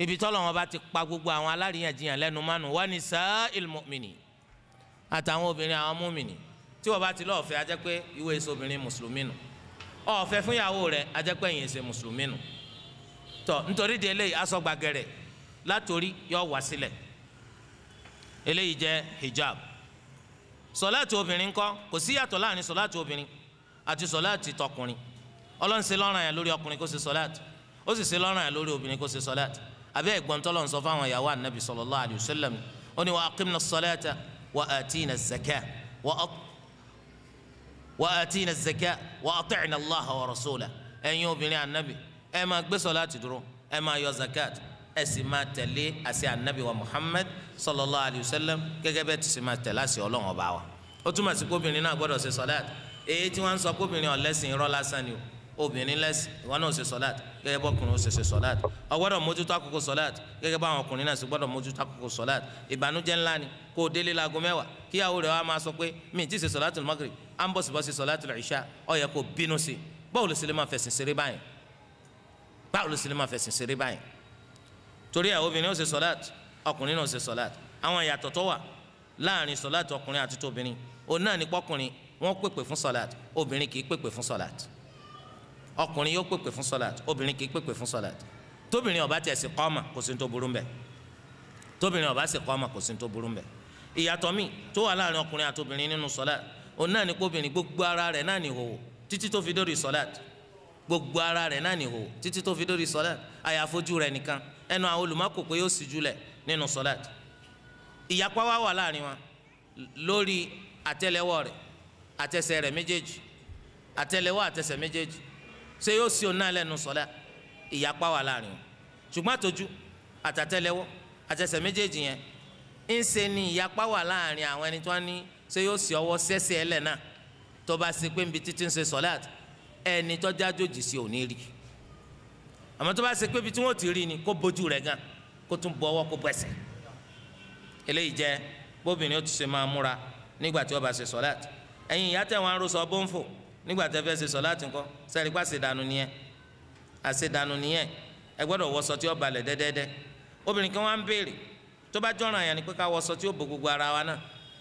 [SPEAKER 1] ibi tọ́lọ̀ bá ti pa gbogbo àwọn aláríyànjiyàn lẹ́nu mánu wá ní sáàl mọ́mìnì àtàwọn obìnrin àwọn mọ́mìnì tí wọ́n bá ti lọ́ọ́ fẹ́ ajẹ́ pé ìwé èso obìnrin mùsùlùmí nù ọ̀ọ́fẹ́ fún ìyàwó rẹ̀ ajẹ́ pé ẹ̀yìn èso mùsùlùmí nù tọ́ nítorí di eléyìí asọ́gbàgẹ̀rẹ̀ látòrí yọ wá sílẹ̀ eléyìí jẹ́ hijab sọláàtì obìnrin kọ́ kò sí yàtọ̀ láàrin sọláàtì obìnrin àti sọláàtì tọkùnrin ọlọ́run ṣe lọ́ranyàn lórí ọkùnrin kó ṣe sọláàtì ó sì ṣe lọ́ranyàn lórí obìnrin kó ṣe sọláàtì abẹ́ ìgbọ́ntọ́lọ́ nsọ fáwọn ìyàwó anabi sallallahu alayhi wa sallam ó ní wa aqimna as-salata wa atina az-zakata wa atina az-zakata wa ati'na allaha wa rasulahu ẹ̀yin obìnrin anabi ẹ máa gbé sọláàtì dúró ẹ máa yọ zakat ẹ sì máa tẹ̀lé àṣẹ anabi wa muhammad sallallahu alayhi wa sallam gẹ́gẹ́ bẹ́ẹ̀ ti sì máa tẹ̀lé àṣẹ ọlọ́run ọba wa ó túmọ̀ sí kóbìnrin náà gbọ́dọ̀ obìnrin lẹ́sìn ìwọ náà ṣe sọ́láàt gẹ́gẹ́ bọ́kùnrin ó ṣe ṣe sọ́láàt o gbọ́dọ̀ mójútó àkókò sọ́láàt gẹ́gẹ́ bá àwọn ọkùnrin náà ṣe gbọ́dọ̀ mójútó àkókò sọ́láàt ìbànújẹ́ ńlá ni kó o délé laago mẹ́wàá kíyàwó rẹ̀ wá máa sọ pé mi ti ṣe sọ́láàtul magrib à ń bọ̀sibọ́sí sọ́láàtul ìṣá ó yẹ kó bínú sí báwo ló ṣe lè máa fẹ̀sìn ṣeré báyìí báwo ló ṣe lè máa fẹ̀sìn ṣeré báyìí torí àwọn obìnrin ó ṣe sọ́láàt ọkùnrin náà ó ṣe sọ́láàt àwọn ìyàtọ̀ tó òun náà ní pọ́kùnrin wọ́n pèpè fún sọ́láàt obìnrin kì í pèpè fún sọ́láàt ọkùnrin yóò pèpè fún sọlát obìnrin kì í pèpè fún sọlát tóbìnrin ọba tẹ̀ sí kọ́ọ̀mà kò sí ní tó burú mbẹ̀ tóbìnrin ọba sì kọ́ọ̀mà kò sí ní tó burú mbẹ̀ ìyàtọ̀ mi tó wà láàrin ọkùnrin àti obìnrin nínú sọlát òun náà ní kóbìnrin gbogbo ara rẹ̀ náà ní ìhòòhò títí tó fi dórí sọlát gbogbo ara rẹ̀ náà ní ìhòòhò títí tó fi dórí sọlát àyàfojú rẹ̀ nìkan ẹnu àwọn olùmọ́kò pé yóò sì júlẹ̀ nínú sọlát ìyapa wa wà láàrin wa lórí àtẹ́lẹwọ́ rẹ̀ àtẹsẹ̀ rẹ̀ méjèèjì àtẹ́lẹwọ́ àtẹsẹ̀ méjèèjì ṣé yóò sí ọ̀nà lẹ́nu sọ̀lá ìyapa wà láàrin o ṣùgbọ́n àtọ́jú àtàtẹ́lẹwọ́ àtẹsẹ̀ méjèèjì yẹn ń ṣe ni ìyapa wà láàrin àwọn ẹni tó ń ní ṣé yóò sí ọwọ́ sẹ́sẹ̀ ẹlẹ̀ náà tó bá ṣe pé nbí títí ń ṣe sọ̀lá ẹni tó jájòjì sí òní rí àmọ́ tó bá ṣe pé ibi tí wọ́n ti rí ni kó bójú rẹ̀ gan kó tún bu ọwọ́ kó bẹ̀sẹ̀ eléyìí jẹ́ bóbìnrin ó ti ṣe máa múra nígbà tí ó bá ṣe sọ̀lá ẹ̀yin ìyá tẹ̀ wọ́n bó ń fò nígbà tẹ́ fẹ́ ṣe sọ̀láàtì ńkọ́ sẹ́ẹ̀rì pa àṣedànù nìyẹn àṣedànù nìyẹn ẹ gbọ́dọ̀ wọṣọ tí ó balẹ̀ dẹ́dẹ́dẹ́ obìnrin kan wá ń béèrè tó bá jọ̀ràn àyàn ni pé ká wọṣọ tí ó bo gbogbo ara wa náà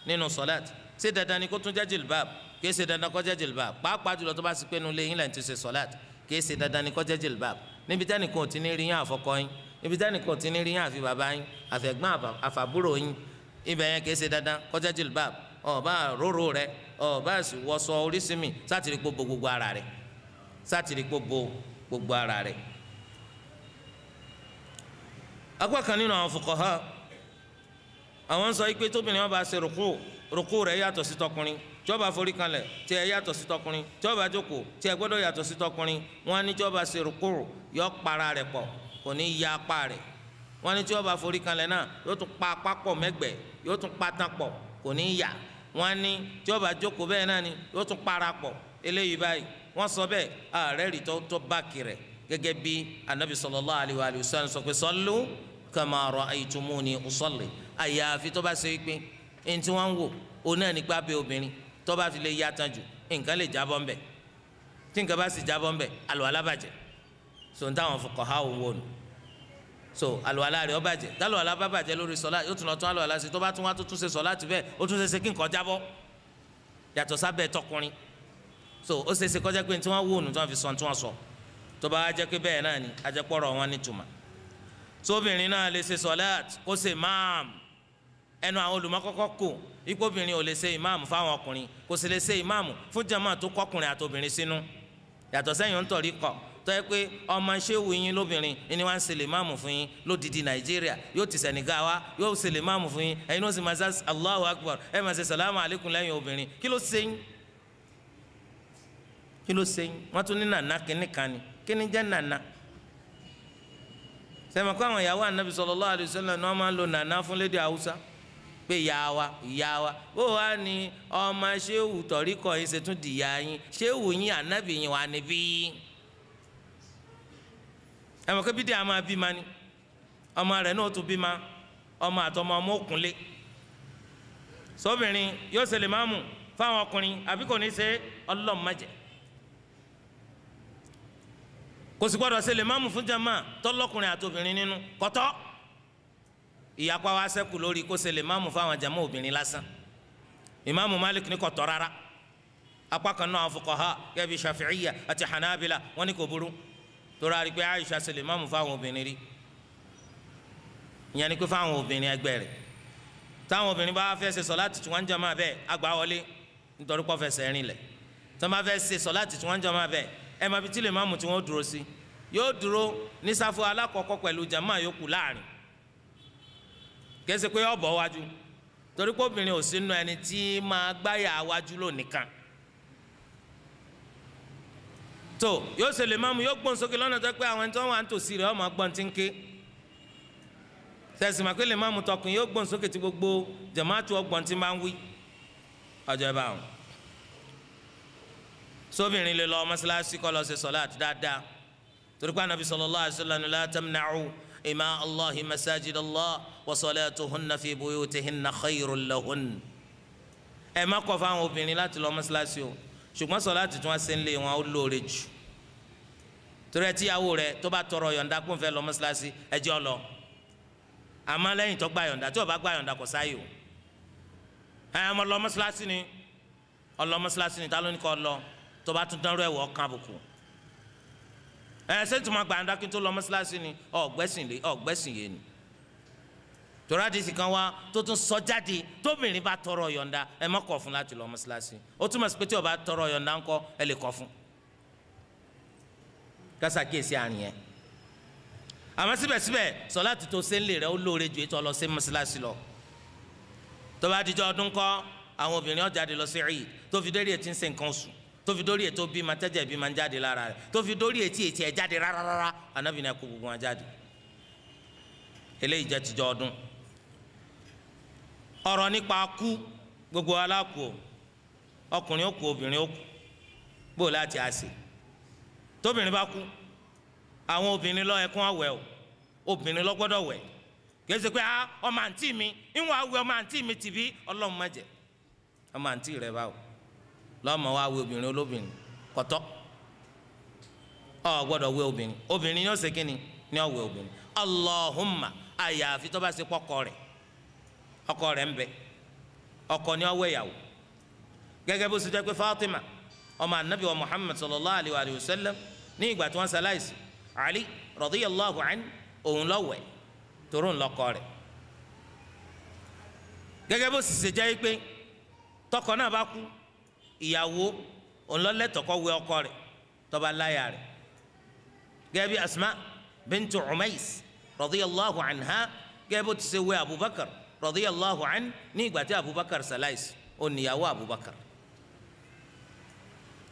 [SPEAKER 1] nínú sọ̀láàtì ṣé dandan ni kó tún jẹ́ jìlbáàb kìí ṣe dandan kó jẹ́ jìlbáàb pàápàá jùlọ tó bá sì pé nulẹ̀ yín lẹ́yìn ti ṣe sọ̀láàtì kìí ṣe dandan ni kó jẹ́ jìlbáàb níbi tẹ́nìkan ò ti ní rí yín àfọkọ yín níbi tẹ́nìkan ò ti ní rí yín àfi bàbá yín àfẹ̀gbọ́n àfàbúrò yín ibẹ̀ yẹn kìí ṣe dandan kó jẹ́ jìlbáàb ọ̀ bá róró rẹ̀ ọ báyìí sì wọṣọ oríṣi mi sátìrí gbogbo gbogbo ara rẹ sátìrí gbogbo gbogbo ara rẹ. agbá kan nínú àwọn fuqaha àwọn sọ pé tóbìnrin ọba ṣe rúkú rúkú rẹ yàtọ̀ sí tọkùnrin tí ó bá forí kanlẹ̀ tí ẹ yàtọ̀ sí tọkùnrin tí ó bá jókòó tí ẹ gbọ́dọ̀ yàtọ̀ sí tọkùnrin wọn ní tí ó bá ṣe rúkú yọ para rẹ pọ̀ kò ní ya apá rẹ wọn ní tí forí kanlẹ̀ náà yóò tún pa apá pọ̀ mẹ́gbẹ̀ẹ́ yóò tún pa tán pọ̀ kò ní yà wọ́n ní tí ó jókòó bẹ́ẹ̀ náà ni yóò tún parapọ̀ eléyìí báyìí wọ́n sọ bẹ́ẹ̀ ààrẹ rí tó tó báàkì rẹ̀ gẹ́gẹ́ bí anabi sallallahu alaihi wa alihi wasallam sọ pé sallu kama ra'aytumuni usalli àyàfi tó bá ṣe pé ẹni tí wọ́n ń wò ó náà nípa bẹ́ẹ̀ obìnrin tó bá fi lè yá tán jù nǹkan lè jábọ́ ńbẹ̀ tí nǹkan bá sì jábọ́ ńbẹ̀ àlùwàlá bàjẹ́ sọ̀ntàn àwọn fuqaha òun wò nù so àlùwàlá rẹ̀ ó bàjẹ́ tálùwàlá bá bàjẹ́ lórí sọlá yóò tún lọ tún àlùwàlá sí tó bá tún wá tó tún ṣe sọlá tì ó tún ṣe ṣe kí nǹkan jábọ́ yàtọ̀ sábẹ́ tọkùnrin so ó ṣe ṣe kọjá pé tí wọ́n wò nù tí wọ́n fi sọ tí wọ́n sọ tó bá wá jẹ́ pé bẹ́ẹ̀ náà ni ajẹ́pọ̀rọ̀ wọn nítumọ̀ sóbìnrin náà lè ṣe sọlá kó ṣe máàmù ẹnu àwọn olùmọ̀kọ́kọ́ kò ipò obìnrin ò lè ṣe ìmáàmù fáwọn ọkùnrin kò sì lè ṣe ìmáàmù fún jàmáà tó kọkùnrin sínú yàtọ̀ sẹ́yìn ń tọ̀rí kọ̀ tọ́yẹ pé ọmọ ṣéwù yín lóbìnrin ni wọ́n á ṣe lè máàmù fún yín lódìdí nàìjíríà yóò ti Senegal wá yóò ṣe lè fún yín sì máa ṣe Allahu Akbar ẹ̀ máa ṣe sàlámù lẹ́yìn obìnrin kí ló ṣe yín kí ló ṣe yín wọ́n tún ní nàná kan ni kínní jẹ́ nàná kó àwọn ìyàwó ni wa ẹ mọ̀ pé bídìí a máa bí ma ni ọmọ rẹ̀ náà tún bí ma ọmọ àtọmọ ọmọ òkúnlé sóbìnrin yóò ṣe lè máa mú fáwọn ọkùnrin àbí kò ní ṣe ọlọ́mọdé kò sì gbọdọ̀ ṣe lè máa mú fún jama tọ́lọ́kùnrin àtobìnrin nínú kọ́tọ́ ìyapa wa ṣẹ́kù lórí kó ṣe lè máa mú fáwọn jama obìnrin lásán ìmáàmù Malik ní kọ́tọ́ rárá apá kan náà fuqaha gẹ́gẹ́ bí Shafi'iyya àti Hanabila wọ́n ní kò burú torí a rí Aisha ṣe lè má fáwọn obìnrin rí ìyẹn ni pé fáwọn obìnrin ẹgbẹ́ rẹ̀ táwọn obìnrin bá fẹ́ ṣe sọ̀láàtì tí wọ́n ń jọ máa bẹ́ẹ̀ àgbà wọlé nítorí pọ́ fẹsẹ̀ rìn lẹ̀ tí wọ́n bá fẹ́ ṣe sọ̀láàtì tí wọ́n ń jọ máa bẹ́ẹ̀ ẹ máa fi tí lè má mú tí wọ́n dúró sí yóò dúró ní sáfù alákọ̀ọ́kọ́ pẹ̀lú jàmáà yòókù láàrin kèsì pé ọ̀bọ̀ wájú torí pé obìnrin ò sínú ẹni tí máa gbáyà wájú lónìkan tó yóò ṣe lè má mu yóò gbọ́n sókè lọ́nà tó pé àwọn ẹni tó wà ń tòsí rẹ̀ ọmọ gbọ́n ti ń ké sẹ́sìn màkúlẹ̀ má mu tọkùn yóò gbọ́n sókè tí gbogbo jamaatu ọgbọ́n ti máa ń wí ọjọ́ ìbá wọn. sóbìnrin lè lọ mọ́sálásí kọ́ lọ ṣe sọ́láàtì dáadáa torí pé anabi sallallahu alaihi wasallam la tamna'u ima allahi masajid allah wa ṣùgbọ́n sọláàtì tí wọ́n ṣe ń lé wọn ó lóore jù torí ẹ tíyàwó rẹ tó bá tọrọ yọ̀ǹda kó ń fẹ́ lọ mọ́ṣáláṣí ẹ jẹ́ ọ lọ àmọ́ lẹ́yìn tó gba yọ̀ǹda tí ò bá gba yọ̀ǹda kò sáyè o ẹ ọmọ lọ mọ́ṣáláṣí ni ọlọ mọ́ṣáláṣí ni ta ló ní kọ́ lọ tó bá tún dánrọ́ ẹ̀wọ̀ kan àbùkù ẹ ṣé tí mo gba yọ̀ǹda kí n tó lọ mọ́ṣáláṣí ni ọ̀gbẹ́sìn yé ni tòrádìsì kan wá tó tún sọ jáde tóbìnrin bá tọrọ yọ̀ǹda ẹ má kọ̀ fún láti lọ mọ́ṣáláṣí ó túmọ̀ sí pé tí o bá tọrọ yọ̀ǹda ńkọ́ ẹ lè kọ̀ fún. kásá kíyèsí àárín yẹn àmọ́ síbẹ̀síbẹ̀ sọ̀láàtì tó ṣe ń lè rẹ̀ ó lóore ju ètò ọlọ́sẹ̀ mọ́ṣáláṣí lọ. tó bá dijọ́ ọdún kọ́ àwọn obìnrin ó jáde lọ sí ẹ̀yìn tó fi dórí ètí ń ṣe nǹkan oṣù tó fi dórí ètò bímọ tẹ́jẹ̀ bímọ ń jáde lára rẹ̀ tó fi dórí ètí ètí ẹ̀ jáde rárá rárá anábìnrin ẹ̀kọ́ gbogbo wọn jáde eléyìí jẹ́ tijọ́ ọdún ọ̀rọ̀ nípa kú gbogbo aláàkú ọkùnrin ó kú obìnrin ó kú bó láti àṣẹ tóbìnrin bá kú àwọn obìnrin lọ ẹkún àwẹ̀ o obìnrin lọ gbọ́dọ̀ wẹ̀ gbèsè pé ah, ọmọ àǹtí mi ìwọ̀n àwẹ̀ ọmọ àǹtí mi tìbí ọlọ́run má jẹ́ ọmọ àǹtí rẹ báwo lọ́mọ wa wẹ̀ obìnrin olóbìnrin kọ̀tọ́ ọ gbọ́dọ̀ wẹ̀ obìnrin obìnrin yóò ṣe kí ni ni ọ wẹ̀ obìnrin Allahumma àyàfi tó bá ṣe pọ́kọ rẹ̀ ọkọ rẹ̀ ń bẹ ọkọ ni ọwọ́ ìyàwó gẹ́gẹ́ bó ṣe jẹ́ pé Fatima ọmọ anabi wa Muhammad sallallahu alayhi wa sallam ní ìgbà tí wọ́n ṣaláìsì Ali radiyallahu anhu òun lọ́wẹ̀ torún lọ́kọ rẹ̀ gẹ́gẹ́ bó sì ṣe jẹ́ pé tọkọ náà bá kú ìyàwó òun ló lẹ́tọ̀ọ́ wẹ ọkọ rẹ̀ tó láyà rẹ̀ gẹ́gẹ́ bí Asma bintu Umais radiyallahu anha gẹ́gẹ́ bó ti ṣe wẹ Abubakar radiyallahu an ní ìgbà tí abubakar salais ó níyàwó abubakar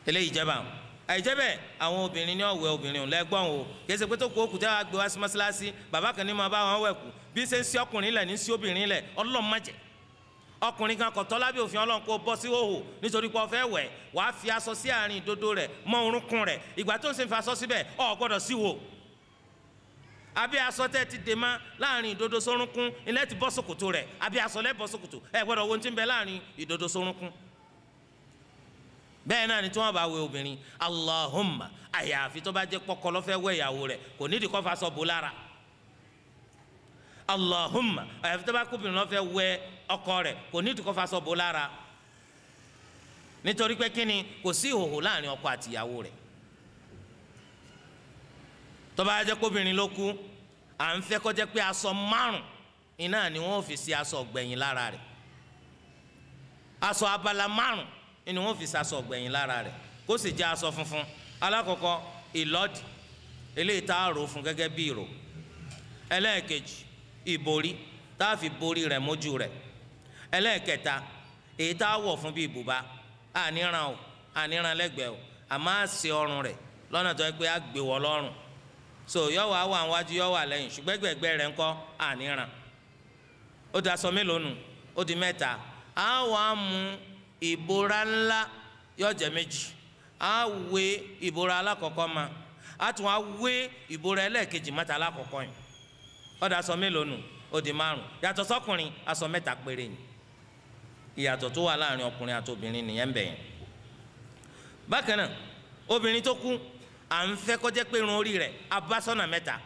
[SPEAKER 1] eléyìí jẹba àìjẹbẹ àwọn obìnrin ní ọwẹ obìnrin ò lẹgbọn o kìí ṣe pé tó kú òkú tẹ wàá gbé wá sí mọ́ṣáláṣí bàbá kan ní ma bá wọn wẹ̀ kú bí ṣe ń sí ọkùnrin lẹ̀ ní sí obìnrin lẹ̀ ọlọ́mọdé ọkùnrin kan kọ̀tọ́ lábẹ́ òfin ọlọ́run kó bọ́ sí hòhò nítorí pé ó fẹ́ wàá fi aṣọ sí àárín ìdodo rẹ̀ mọ́ orúnkún rẹ̀ ìgbà tó ń ṣe aṣọ síbẹ̀ ọ̀ gbọ́dọ̀ sí hò. Abi aṣọ tẹ́ ti dè má láàrin ìdodo sórúnkún ilẹ̀ ti bọ́ sòkòtò rẹ̀ àbí aṣọ lẹ́ bọ́ sòkòtò ẹ gbọ́dọ̀ wo ti ń bẹ láàrin ìdodo sórúnkún. bẹ́ẹ̀ náà ni tí wọ́n bá wẹ obìnrin Allahumma àyàfi tó bá jẹ́ pọ́kọ lọ́fẹ́ wẹ ìyàwó rẹ̀ kò nídìí kó faṣọ bò lára Allahumma àyàfi tó bá kóbìnrin lọ́fẹ́ wẹ ọkọ rẹ̀ kò nídìí kó faṣọ bò lára nítorí pé kíni kò sí ìhòhò láàrin ọkọ àtìyàwó rẹ̀ tọ́ba ajẹ́ kóbìnrin ló kú à ń fẹ́ kọjá pé aṣọ márùn iná ni wọ́n fi aṣọ lára rẹ̀ aṣọ abala márùn ni wọ́n fi ṣe aṣọ lára rẹ̀ funfun alákọ̀ọ́kọ́ ìlọ́dì eléyìí tá a rò fún gẹ́gẹ́ bí ìrò ẹlẹ́ẹ̀kejì ìborí a fi borí rẹ̀ mójú rẹ̀ ẹlẹ́ẹ̀kẹta èyí tá a wọ̀ fún bí ìbùbá àníran o àníran lẹ́gbẹ̀ẹ́ o àmọ́ àṣẹ ọrùn rẹ̀ lọ́nà tó yẹ pé so yọ wà wà wájú yọ wà lẹ́yìn ṣùgbọ́n ẹgbẹ̀gbẹ́ rẹ̀ ńkọ́ àníran ó di aṣọ mélòó nù ó di mẹ́ta á wà ìbora ńlá yọ méjì á ìbora alákọ̀ọ́kọ́ ma á tún á wé ìbora ẹlẹ́ẹ̀kejì mọ́ta alákọ̀ọ́kọ́ yìí ó di aṣọ mélòó nù ó di márùn yàtọ̀ sọkùnrin aṣọ mẹ́ta péré ni ìyàtọ̀ tó wà láàrin ọkùnrin àti obìnrin nìyẹn bẹ̀yẹn bákan náà obìnrin tó kú à ń fẹ́ kó jẹ́ pé irun orí rẹ̀ abásọ́nà mẹ́ta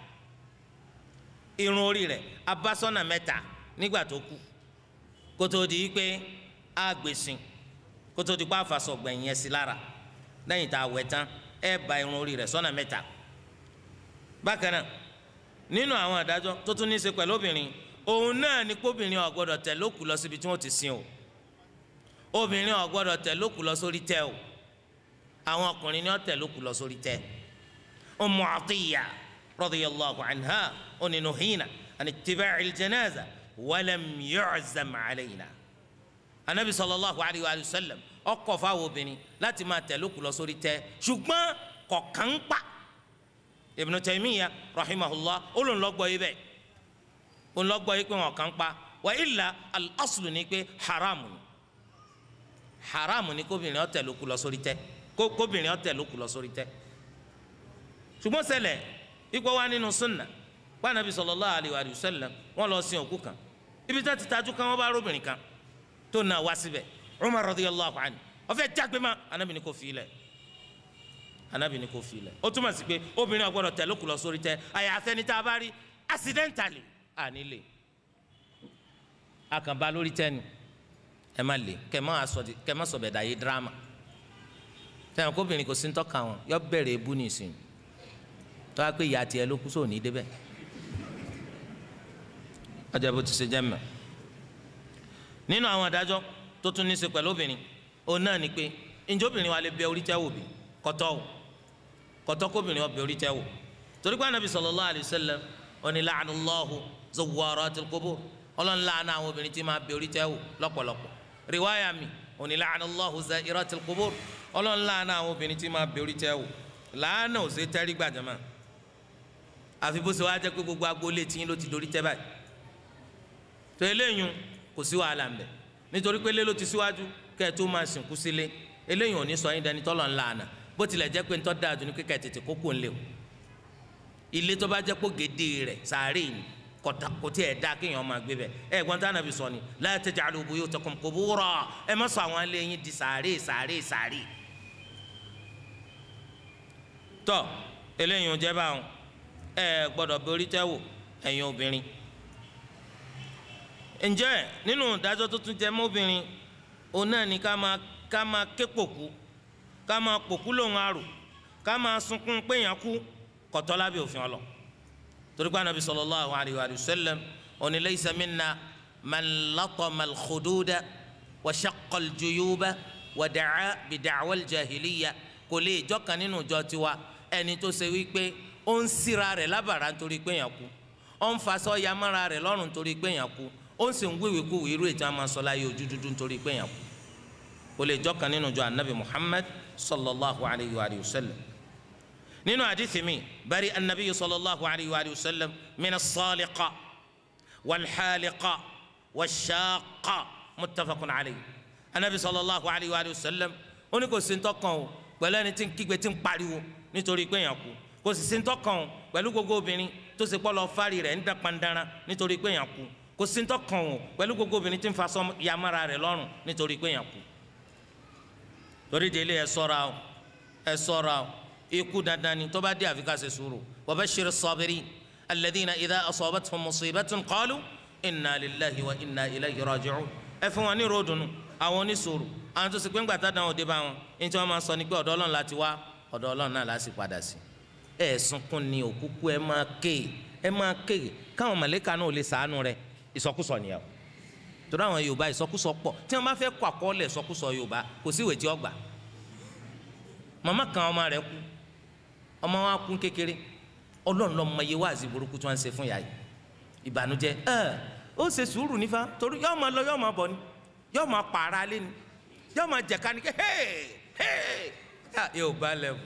[SPEAKER 1] irun orí rẹ̀ abásọ́nà mẹ́ta nígbà tó kú kó tó di pé a gbèsìn kó tó di pé àfàsọ̀gbẹ̀yìn ẹ̀ sí lára lẹ́yìn tá a wẹ̀ tán ẹ̀ bá irun orí rẹ̀ sọ́nà mẹ́ta bákan náà nínú àwọn àdájọ́ tó tún ní í ṣe pẹ̀lú obìnrin òun náà ni kóbìnrin ọ̀gbọ́dọ̀ tẹ̀ lókù lọ síbi tí wọ́n ti sin o obìnrin ọ̀gbọ́dọ̀ tẹ̀ lókù lọ sórí o. àwọn ọkùnrin ni wọ́n tẹ̀ lókù lọ sórí tẹ́ Ummu Atiyya radiyallahu anha ó ní nuhina an ittiba'il janaza walam yu'zam alayna anabi sallallahu alayhi wa sallam ó kọ̀ fáwọn obìnrin láti máa tẹ̀ lókù lọ sórí tẹ́ ṣùgbọ́n kọ̀ọ̀kan pa Ibn Taymiyyah rahimahullah ó ló ń yìí pé wọn kàn pa wa illa al ni pé haramu haramu ni kóbìnrin ó tẹ̀ lọ sórí tẹ́ kóbìnrin ọ̀tẹ̀ ló kù lọ sórí tẹ́ ṣùgbọ́n ṣẹlẹ̀ ikú wa nínú sunna pàànàbí sallallahu alaihi wa sallam wọ́n lọ sin òkú kan ibi tá ti tajú kan wọ́n bá róbìnrin kan tó na wá síbẹ̀ Umar radiyallahu anhu ó fẹ́ jágbe ma anabi ni kò fi lẹ̀ anabi ni kò fi lẹ̀ ó túmọ̀ sí pé obìnrin ò gbọ́dọ̀ ló kù lọ sórí tẹ́ àyàfẹ́ ni tá a bá rí accidentally àní lè akànbá lórí tẹ́ni ẹ má lè kẹ má sọ bẹ̀dà yé dírámà sẹ́wọ̀n kóbìnrin kò sí ń tọ́ka wọn yọ bẹ̀rẹ̀ ebú nìsín tọ́ a pé ìyá tiẹ̀ ló kú sóò ní débẹ̀ ọjà bó ti ṣe jẹ́ mọ́ nínú àwọn adájọ́ tó tún ní ṣe pẹ̀lú obìnrin òun náà ni pé ǹjẹ́ obìnrin wa lè bẹ orí tẹ́wò bí kọ́tọ́ o kọ́tọ́ kóbìnrin ọbẹ̀ orí tẹ́wò torí pé anabi sallallahu alayhi wa sallam oní la'anallahu zawwaratil qubur ọlọ́run láàánú àwọn obìnrin tí máa bẹ orí tẹ́wò lọ́pọ̀lọpọ̀ rìwáyà mi onílànà allahu zairati alqubur ọlọ́run láàánú àwọn obìnrin tí máa bẹ̀rù tẹ́ wò láàánú ò ṣe tẹ́rí gbàjọ́mọ́ àfi bó ṣe wá jẹ́ pé gbogbo agboolé tí yín ló ti dorí tẹ́ báyìí tó eléyìí kò sí wàhálà ń bẹ̀ nítorí pé lé ló ti síwájú kẹ́ ẹ tó máa sìnkú sílé eléyìí ò ní sọ yín dání tọ́lọ̀ ńlá àná bó tilẹ̀ jẹ́ pé ńtọ́ dáa ní kíkà tètè kókó ńlẹ̀ o ilé tó bá jẹ́ pé gèdè rẹ̀ sàárè yìí kò kote ẹ da kéèyàn máa gbé bẹ ẹ gbọ́n tí anabi sọ ni la taj'alu buyutakum qubura ẹ má sọ àwọn ilé yín di sàárè sàárè sàárè. tọ́ eléyìí ò jẹ́ báwọn ẹ gbọ́dọ̀ borí tẹ́wò ẹ̀yin obìnrin. ǹjẹ́ nínú ìdájọ́ tó tún jẹ mọ́ òun náà ni ká máa ká máa ké pòkú ká máa pòkú lòun àrò ká máa sunkún péyàn kú kọ̀tọ́ lábẹ́ òfin ọlọ́ọ̀ torí pé anabi sallallahu alayhi wa sallam oni laysa minna man latama al-khududa wa shaqqa al-juyuba wa da'a bi da'wa al-jahiliya kò lè jọ kan nínú ìjọ tiwa ẹni tó ṣe wípé ó ń síra rẹ̀ lábàrá nítorí pé èèyàn kú ó ń fasọ yamára rẹ̀ lọ́rùn nítorí pé èèyàn kú ó ń sì wíwì kú irú ètò amasọlá yóò dúdú nítorí pé èèyàn kú kò lè jọ kan nínú ìjọ anabi muhammad sallallahu alayhi wa sallam nínú àdìsí mi bari anabi sallallahu alayhi wa sallam mina saliqa walxaaliqa wasaaqa mutafakun alayhi anabi sallallahu alayhi wa sallam ó ní kò sí ntọ́kàn o pẹ̀lú ẹni tí ń kígbe tí ń pariwo nítorí pé èèyàn kú kò sì sí ntọ́kàn o pẹ̀lú gbogbo obìnrin tó ṣe pọ́ lọ fárí rẹ̀ ń dá pandara nítorí pé èèyàn kú o pẹ̀lú gbogbo obìnrin tí ń faṣọ yamara rẹ̀ lọ́rùn nítorí pé èèyàn torí délé ẹ ṣọ́ra o ẹ ṣọ́ra o ikú dandan ni tó bá dé àfi ká ṣe sùúrù wa bashiri sabirin alladhina idha asabatuhum musibatun qalu inna lillahi wa inna ilayhi raji'un ẹ fún wọn ní ròdùnú àwọn onísùúrù àwọn tó sì pé ńgbà tádàn òde bá wọn ní tí wọn máa sọ ni pé ọ̀dọ̀ Ọlọ́run láti wá ọ̀dọ̀ Ọlọ́run náà láti padà sí ẹ sunkún ni òkúkú ẹ máa ké ẹ máa ké káwọn màlẹ́kà náà lè sàánú rẹ ìsọkúsọ nìyàwó torí àwọn yorùbá ìsọkúsọ pọ̀ tí wọn bá fẹ́ kọ àkọọ́lẹ̀ ìsọkúsọ yorùbá kò sí tí ọgbà màmá kan ọmọ rẹ kú ọmọ wa kún kékeré ọlọ́run ló mọ iye wáàzì burúkú tí wọ́n ń ṣe fún ìyá yìí ìbànújẹ́ ẹ ó ṣe sùúrù nífa torí yóò máa lọ yóò máa bọ̀ ni yóò máa pààrà alẹ́ ni yóò máa jẹ̀ka ni ké hee hee yóò bá lẹ́wọ̀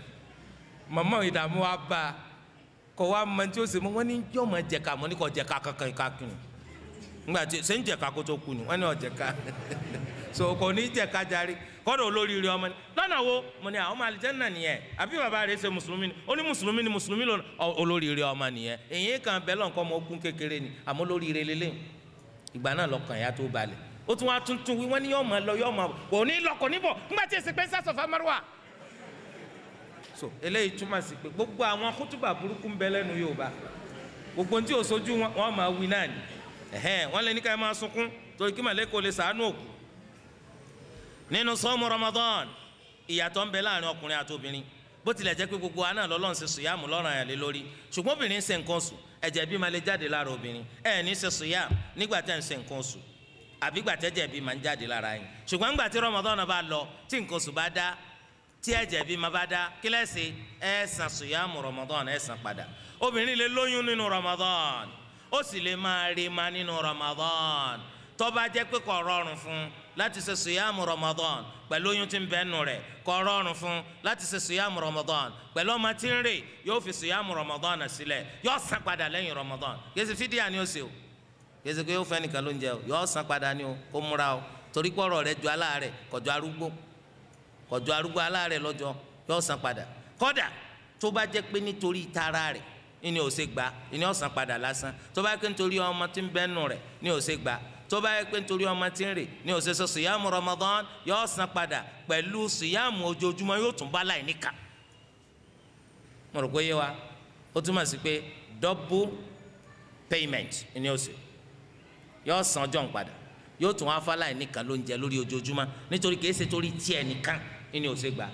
[SPEAKER 1] màmá ìdààmú wa bá a kọ̀ wá mọ tí ó ṣe mọ́ wọ́n ní yóò máa jẹ̀ka mọ́ ní kò jẹ̀ka kankan kakùn nígbà tí ṣé ń jẹ̀ka kó tó kù ni wọ́n ní ọ̀jẹ̀ka so kò ní jẹ̀ka jarí kọ́dọ̀ olóríire ọmọ ni lọ́nà wo mo ní àwọn ah, àlìjẹ́nà nìyẹn àbí bàbá rẹ̀ ṣe mùsùlùmí ni ó ní mùsùlùmí ni mùsùlùmí lọ olóríire ọmọ nìyẹn èyí kan bẹ́ẹ̀ lọ́nkọ́ ọmọ ogun kékeré ni àmọ́ olóríire lélẹ̀ ìgbà náà lọ́kàn ya tó balẹ̀ ó tún wá tuntun wí wọ́n ní yọ̀ọ̀mọ̀ lọ yọ̀ọ̀mọ̀ kò ní lọkọ̀ níbọ̀ nígbà tí èsì pé ń sàṣọ̀ fámárùwà so eléyìí túmọ̀ sí pé gbogbo àwọn kútùbà burúkú ń bẹ lẹ́nu Yorùbá gbogbo ní tí ò sojú wọn máa wí náà ni wọ́n lé ní ẹ máa sunkún torí kí màlẹ́kọ̀ọ́ lè sàánú òkú nínú sọ́mu Ramadan ìyàtọ̀ ń bẹ láàrin ọkùnrin àti obìnrin bó tilẹ̀ jẹ́ pé gbogbo aná lọ́lọ́run ṣe sùyàmù lọ́rùn àyàn lé lórí ṣùgbọ́n obìnrin ṣe nǹkan oṣù ẹ̀jẹ̀ bí máa lè jáde lára obìnrin ẹ̀ ní ṣe sùyàmù nígbà tẹ́ ń ṣe nǹkan oṣù àbí gbà tẹ́jẹ̀ bí máa ń jáde lára yín ṣùgbọ́n gbà tí Ramadan bá lọ tí nǹkan oṣù bá dá tí ẹ̀jẹ̀ bí máa bá dá kí lẹ́sẹ̀ ẹ̀ san sùyàmù Ramadan ẹ̀ san padà obìnrin lè lóyún nínú Ramadan ó sì lè máa rí ma nínú Ramadan tó bá jẹ́ pé kò rọrùn fún un láti ṣe sùyàmù Ramadan pẹ̀lú oyún tí ń bẹ nù rẹ̀ kò rọrùn fún láti ṣe sùyàmù Ramadan pẹ̀lú ọmọ tí ń rè yóò fi sùyàmù Ramadan sílẹ̀ yóò san padà lẹ́yìn Ramadan yéésì fídíà ni ó ṣe o yéésì pé ó fẹ́ nìkan ló ń jẹ o yóò san padà ni o kó múra o torí pọ̀rọ̀ rẹ̀ ju aláàrẹ̀ kọjọ arúgbó kọjọ arúgbó aláàrẹ̀ lọ́jọ́ yóò san padà kódà tó bá jẹ́ pé nítorí tara rẹ̀ ni ò ṣe gbà ni ó san padà lásán tó bá jẹ́ nítorí ọmọ tí ń bẹ nù rẹ̀ ni ò ṣe gbà tó bá yẹ pé nítorí ọmọ tí ń rè ní ó sùyàmù Ramadan yóò san padà pẹ̀lú sùyàmù ojoojúmọ́ yóò tún bá láì níkà mo rò pé yé wa ó túmọ̀ sí pé double payment ni ó ṣe yóò san ọjọ́ ń padà yóò tún wá fáláì níkà ló ń jẹ lórí ojoojúmọ́ nítorí kìí ṣe torí tiẹ̀ nìkan ni ó ṣe gbà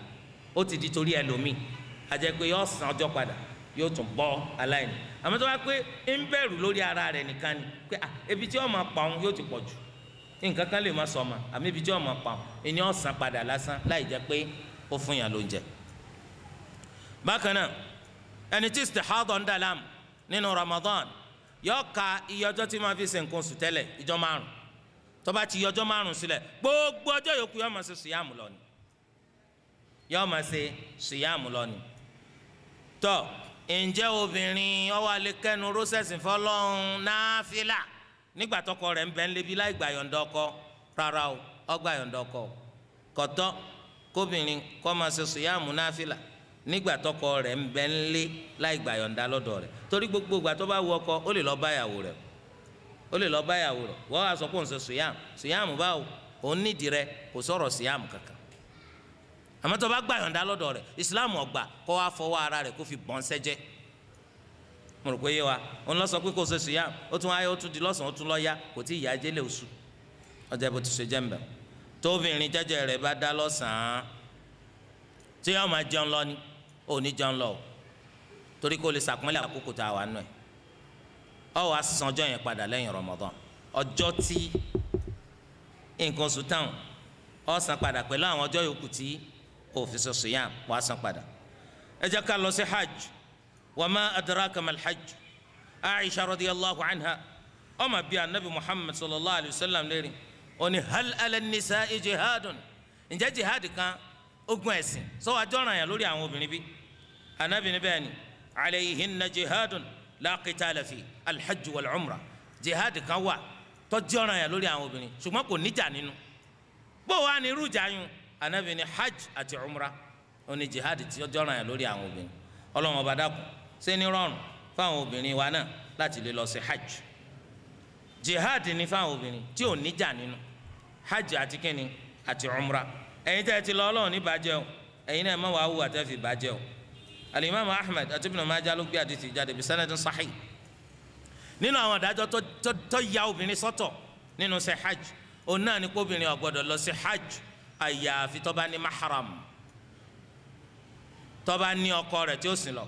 [SPEAKER 1] ó ti di torí ẹlòmíì àjẹpé yóò san ọjọ́ padà yóò tún bọ́ aláìní àmọ́ tó bá pé ń bẹ̀rù lórí ara rẹ̀ nìkan ni pé ah, ebi tí ọmọ pa òun yóò ti pọ̀ jù nǹkan kan lè má sọ ma àmọ́ ebi tí ọmọ pa òun ìní ọ̀sán padà lásán láì jẹ́ pé ó fún yàn lóúnjẹ. bákan náà ẹni tí istihadọ̀ ń dà nínú Ramadan yóò ka iye ọjọ́ tí máa fi ṣe nǹkan oṣù tẹ́lẹ̀ ìjọ márùn tó bá ti iye ọjọ́ márùn sílẹ̀ gbogbo ọjọ́ yòókù yóò máa ṣe sùyàmù lọ yóò máa ṣe sùyàmù lọ ni ǹjẹ́ obìnrin ọwọ́ alẹ́ kẹ́nu rọ́sẹ̀sì fọlọ́run náfìlà nígbà tọkọ rẹ̀ ń bẹ́ ń lebi láì gbà ọkọ rárá o ọgbà yọ̀ǹda ọkọ o kọ̀tọ́ kóbìnrin kọ́ máa ṣe sùyàmù náfìlà nígbà tọkọ rẹ̀ gbogbo ìgbà tó bá ọkọ ó lè lọ rẹ̀ ó lè lọ rẹ̀ wọ́n á sọ pé òun ṣe sùyàmù sùyàmù àmọ́ tó bá gbà yọ̀ǹda lọ́dọ̀ rẹ̀ islam ọ̀gbà kó wá fọwọ́ ara rẹ̀ kó fi bọ́n sẹ́jẹ́ mo rò pé yé wa òun lọ sọ pé kò sọ̀sọ̀ yá ó tún ayé ó tún di lọ́sàn ó tún lọ́ yá kò tí ì yá ajélé oṣù ọjà bó ti ṣe jẹ́ mbẹ́ tóbìnrin jẹjẹ rẹ̀ bá dá lọ́sàn-án tí yóò máa jẹun lọ ni ò ní jẹun lọ o torí kó lè sàpọ́nlẹ̀ àkókò tá a wà nù ẹ̀ ọ wàá san yẹn padà lẹ́yìn Ramadan ọjọ́ tí nǹkan oṣù táwọn ọ san padà pẹ̀lú àwọn ọjọ́ yòókù tí òfin ṣe siyam wàá san padà ẹ jẹ́ ká lọ sí hajj wa ma adraka mal hajj aisha radiyallahu anha ọmọ bíi anabi muhammad sallallahu alayhi wa sallam lérí oní hal ala nisa'i jihadun ǹjẹ́ jihad kan ogun ẹ̀sìn sọ wàá jọ́ràn yàn lórí àwọn obìnrin bí anabi ni bẹ́ẹ̀ ni alayhinna jihadun la qitala fi alhajj wal umra jihad kan wà tó jọ́ràn yàn lórí àwọn obìnrin ṣùgbọ́n kò níjà nínú bó wàá ní irú jà yún anabi ni hajj àti umra oní jihad tí ọjọ́ ràn yà lórí àwọn obìnrin ọlọ́run ọba dàkún ṣé ní rọrùn fáwọn obìnrin wa náà láti lè lọ sí hajj jihad ní fáwọn obìnrin tí ò níjà nínú hajj àti kínní àti umra ẹ̀yin tẹ́ ẹ ti lọ ọlọ́run ní bàjẹ́ o ẹ̀yin náà ẹ má wàá wù àtẹ́fì bàjẹ́ o alimami ahmed àti ibn majah ló gbé àdìsí jáde bí sanadun sahih nínú àwọn adájọ́ tó ya obìnrin sọ́tọ̀ nínú ṣe hajj òun náà ní kó obìnrin ò lọ sí hajj àyàfi tó bá ní maharam tó bá ní ọkọ rẹ̀ tí ó sìn lọ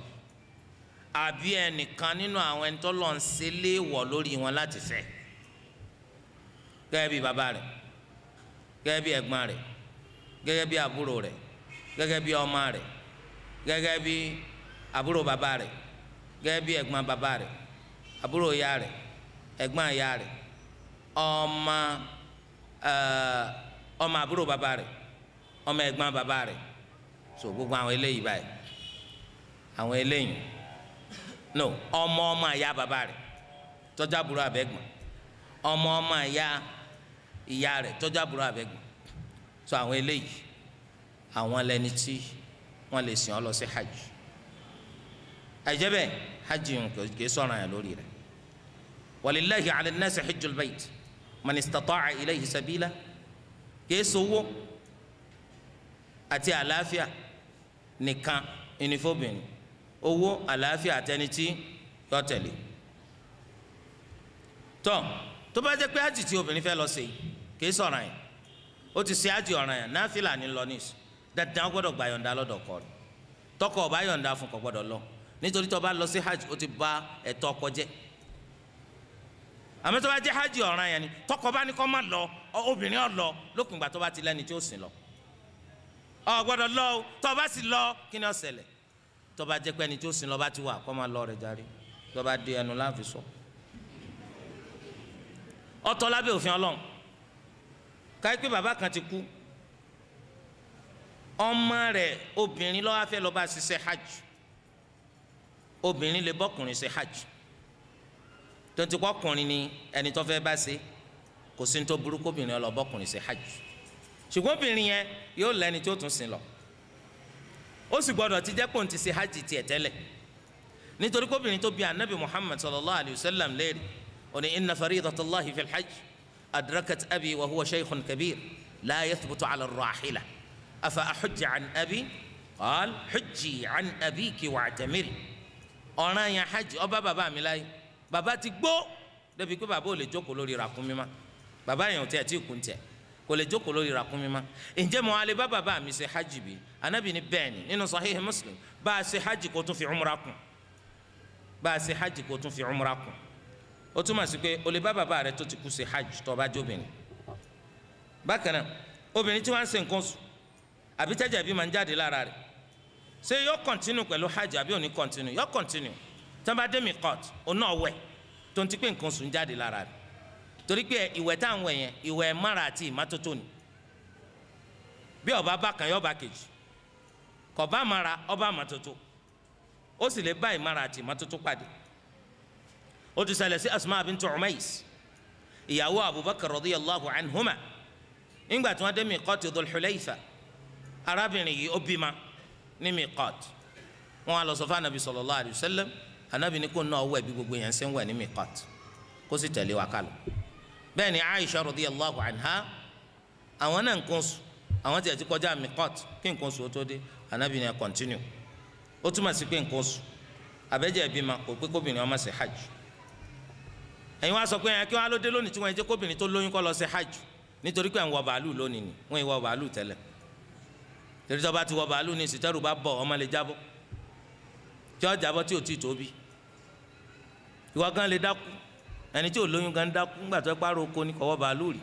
[SPEAKER 1] àbí ẹnìkan nínú àwọn ẹni tó lọ ń ṣe léèwọ̀ lórí wọn láti fẹ́ gẹ́gẹ́ bí bàbá rẹ̀ gẹ́gẹ́ bí ẹ̀gbọ́n rẹ̀ gẹ́gẹ́ bí àbúrò rẹ̀ gẹ́gẹ́ bí ọmọ rẹ̀ gẹ́gẹ́ bí àbúrò bàbá rẹ̀ gẹ́gẹ́ bí ẹ̀gbọ́n bàbá rẹ̀ àbúrò ya rẹ̀ ẹ̀gbọ́n ya rẹ̀ ọmọ ẹ̀ẹ́ ọmọ àbúrò bàbá rẹ̀ ọmọ ẹ̀gbọ́n bàbá rẹ̀ so gbogbo àwọn eléyìí báyìí àwọn eléyìí no ọmọ ọmọ àyà bàbá rẹ̀ tọ́jà àbúrò àbẹ̀gbọ́n ọmọ ọmọ àyà ìyá rẹ̀ tọ́jà àbúrò àbẹ̀gbọ́n so àwọn eléyìí àwọn lẹni tí wọ́n lè sìn ọ́ lọ sí hajj àìjẹ́ bẹ́ẹ̀ hajj kò sọ̀ràn yà lórí rẹ̀ walillahi ala nnasi hajjul bayt man istata'a ilayhi sabila kìí sowó àti àlàáfíà nìkan ìnífọ̀bìnrin owó àlàáfíà àtẹni tí yọ tẹ̀lé tọ́ tó bá jẹ́ pé àjì tí obìnrin fẹ́ lọ sí kìí sọ̀ràn yẹn ó ti ṣe àjì ọ̀ràn yẹn náfìlà ní lọ ní ìsù dandan gbọ́dọ̀ gba yọ̀ǹda lọ́dọ̀ kọ tọkọ ọba yọ̀ǹda fún kọ gbọ́dọ̀ lọ nítorí tó bá lọ sí hajj ó ti bà ẹ̀tọ́ ọkọ jẹ́ àmọ́ tó bá jẹ́ hajj ọ̀ràn yẹn ni tọkọ bá ní kó má lọ obìnrin ọ̀ lọ lópin ìgbà tó bá ti lẹ́ni tí ó sìn lọ ọ gbọ́dọ̀ lọ o tó bá sì lọ kí ni ó ṣẹlẹ̀ tó bá jẹ́ pé ẹni tí ó sìn lọ bá ti wà kó má lọ rẹ̀ járe tó bá dé ẹnu láàfin sọ ọ̀tọ̀ lábẹ́ òfin Ọlọ́run káyí pé bàbá kan ti kú ọmọ rẹ̀ obìnrin ló wá fẹ́ lọ ṣiṣẹ́ hajj obìnrin lè bọ́kùnrin ṣe hajj tonti kọkùnrin ni ẹni tó fẹ́ bá ṣe kò sí ní tó burúkú obìnrin ọlọ́bọ̀kùnrin ṣe hajj ṣùgbọ́n obìnrin yẹn yóò lẹ́ni tó tún sin lọ ó sì gbọ́dọ̀ ti jẹ́ pòun ti ṣe hajj tiẹ̀ tẹ́lẹ̀ nítorí pé obìnrin tó bi anabi muhammad sallallahu alayhi wa sallam léèrè òní inna faridatallahi fil hajj adrakat abi wa huwa shaykhun kabir la yathbutu ala rahila afa ahujja an abi qaal hujji an abiki wa'tamiri ọ̀ràn yẹn hajj ó bá mi láyé. Baba ti gbó débi pé bàbá ò lè jókòó lórí ràkúnmí ma baba yẹn ò tẹ̀ tí ì kún tẹ̀ kò lè jókòó lórí ràkúnmí ma ǹjẹ́ mo alẹ́ bá bàbá mi ṣe hajj bi anabi ni bẹ́ẹ̀ ni nínú sahih muslim bá a ṣe hajj kó tún fi umra kún bá a ṣe hajj kó tún fi umra kún ó túmọ̀ sí pé o lè bá bàbá rẹ tó ti kú ṣe hajj tó bá jóbìnrin bákan náà obìnrin tí wọ́n ń ṣe nǹkan sùn àbí tẹ́jà bí máa ń jáde lára rẹ̀ ṣé yóò kọ̀ntínú pẹ̀lú hajj àbí ò ní kọ̀ntínú yóò kọ̀ntínú tọ́ba dé mikọ́t ọ̀nà ọ̀wẹ̀ tó ń ti pé nǹkan sùn jáde lára rẹ̀ torí pé ìwẹ̀ tá à ń wẹ̀ yẹn ìwẹ̀ mára àti ìmọ́tótó ni bí ọba bá kan yọ ọba kejì kọba mara ọba àmọ́tótó ó sì lè bá ìmara àti ìmọ́tótó pàdé ó ti ṣẹlẹ̀ sí Asma bintu Umais ìyàwó Abubakar radiyallahu anhuma nígbà tí wọ́n dé mikọ́t Dhul Hulayfa arábìnrin yìí ó bímọ ní mikọ́t wọ́n á lọ sọ fún anabi sallallahu alayhi anabi ní kó náà wẹ̀ bí gbogbo yẹn ṣe ń wẹ̀ ní miqat kó sì tẹ̀lé wa kálọ. bẹ́ẹ̀ ni aisha radiyallahu anha àwọn náà nǹkan sùn àwọn tiẹ̀ ti kọjá miqat kí nǹkan sùn ó tó dé anabi ní ẹ kọ́ntínú ó túmọ̀ sí pé nǹkan sùn àbẹ́jẹ́ ìbímọ kò pé kóbìnrin ọmọ ṣe hajj ẹ̀yin wá sọ pé ẹ̀yin kí wọ́n á ló dé lónìí tí wọ́n jẹ́ kóbìnrin tó lóyún kọ́ lọ ṣe hajj nítorí pé àwọn wọ bàálù lónìí ni wọ́n ìwà gan lè dákú ẹni tí ò lóyún gan dákú ńgbà tó pa roko ní kọ́wọ́ bàálù rí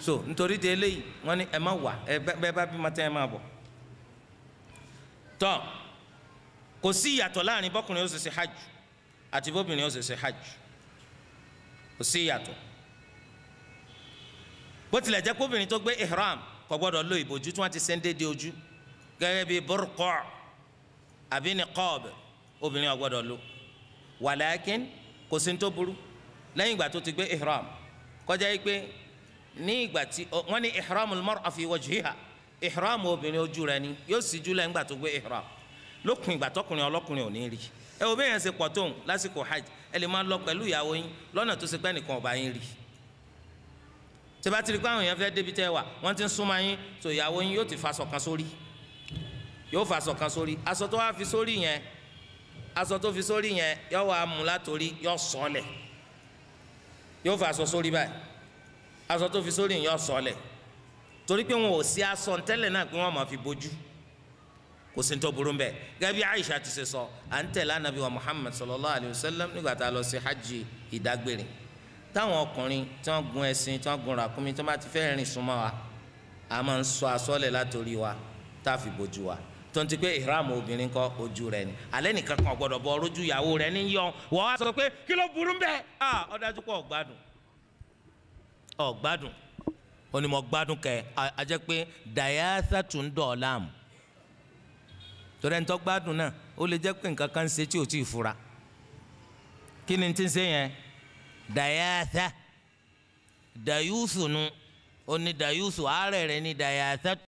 [SPEAKER 1] so nítorí de eléyìí wọ́n ní ẹ má wà ẹ bẹ́ẹ̀ bá bímọ tẹ́ ẹ má bọ̀ tọ́ kò sí ìyàtọ̀ láàrin bọ́kùnrin ó ṣe ṣe hajj àti bóbìnrin ó ṣe ṣe hajj kò sí ìyàtọ̀ bó tilẹ̀ jẹ́ kóbìnrin tó gbé ihram kò gbọ́dọ̀ lo ìbòjú tí wọ́n ti sẹ́ńdé de ojú gẹ́gẹ́ bíi burqa àbí niqab obìnrin ò gbọ́dọ̀ lo wàlákin kò sí ní tó burú lẹ́yìn ìgbà tó ti gbé ihram kọjá yìí pé ní ìgbà tí wọ́n ní ihramul mar'a fi wajhiha ihram obìnrin ojú rẹ̀ ni yóò sì jú lẹ́yìn ìgbà tó gbé ihram lókun ìgbà tọkùnrin ọlọ́kùnrin ò ní rí ẹ wo bẹ́ẹ̀ yẹn ṣe pọ̀ tóun lásìkò hajj ẹ lè máa lọ pẹ̀lú ìyàwó yín lọ́nà tó ṣe pé nìkan ọ̀bá yín rí tẹ́bátìrì pé àwọn èèyàn fẹ́ débi tẹ́ wà wọ́n ti ń súnmọ́ yín tó ìyàwó yín yóò ti fa aṣọ kan sórí yóò fa aṣọ kan sórí aṣọ tó wá fi sórí yẹn aṣọ tó fi sórí yẹn yọ wá mú látòrí yọ sọlẹ̀ yóò fa aṣọ sórí báyìí aṣọ tó fi sórí yẹn yọ sọlẹ̀ torí pé wọn ò sí aṣọ tẹ́lẹ̀ náà pé wọ́n máa fi bójú kò sí tó burú bẹ́ẹ̀ gẹ́gẹ́ Aisha ti ṣe sọ à ń tẹ̀lé anabi wa Muhammad sallallahu alayhi wa sallam nígbà tá a lọ sí hajj ìdágbére táwọn ọkùnrin tí wọ́n gun ẹṣin tí wọ́n gun ràkúnmí tí wọ́n bá ti fẹ́ rìn súnmọ́ wa a máa ń sọ aṣọ lẹ̀ látòrí wa tá a fi bójú wa tó ń ti pé ìhram obìnrin kọ ojú rẹ ni alẹ́ nìkan kan gbọ́dọ̀ bọ ojú ìyàwó rẹ ní yọ wọ́n á sọ pé kí ló burú ń bẹ́ẹ̀ ah ọ̀dájú pọ̀ ọ̀gbádùn ọ̀gbádùn onímọ̀ gbádùn kẹ ajẹ́ pé dayasa tún ń dọ̀ láàmù torí ẹni tó gbádùn náà ó lè jẹ́ pé nǹkan kan ṣe tí ò tí fura kí ni ti ń ṣe yẹn dayasa dayusu nu oní dayusu àárẹ̀ rẹ ní dayasa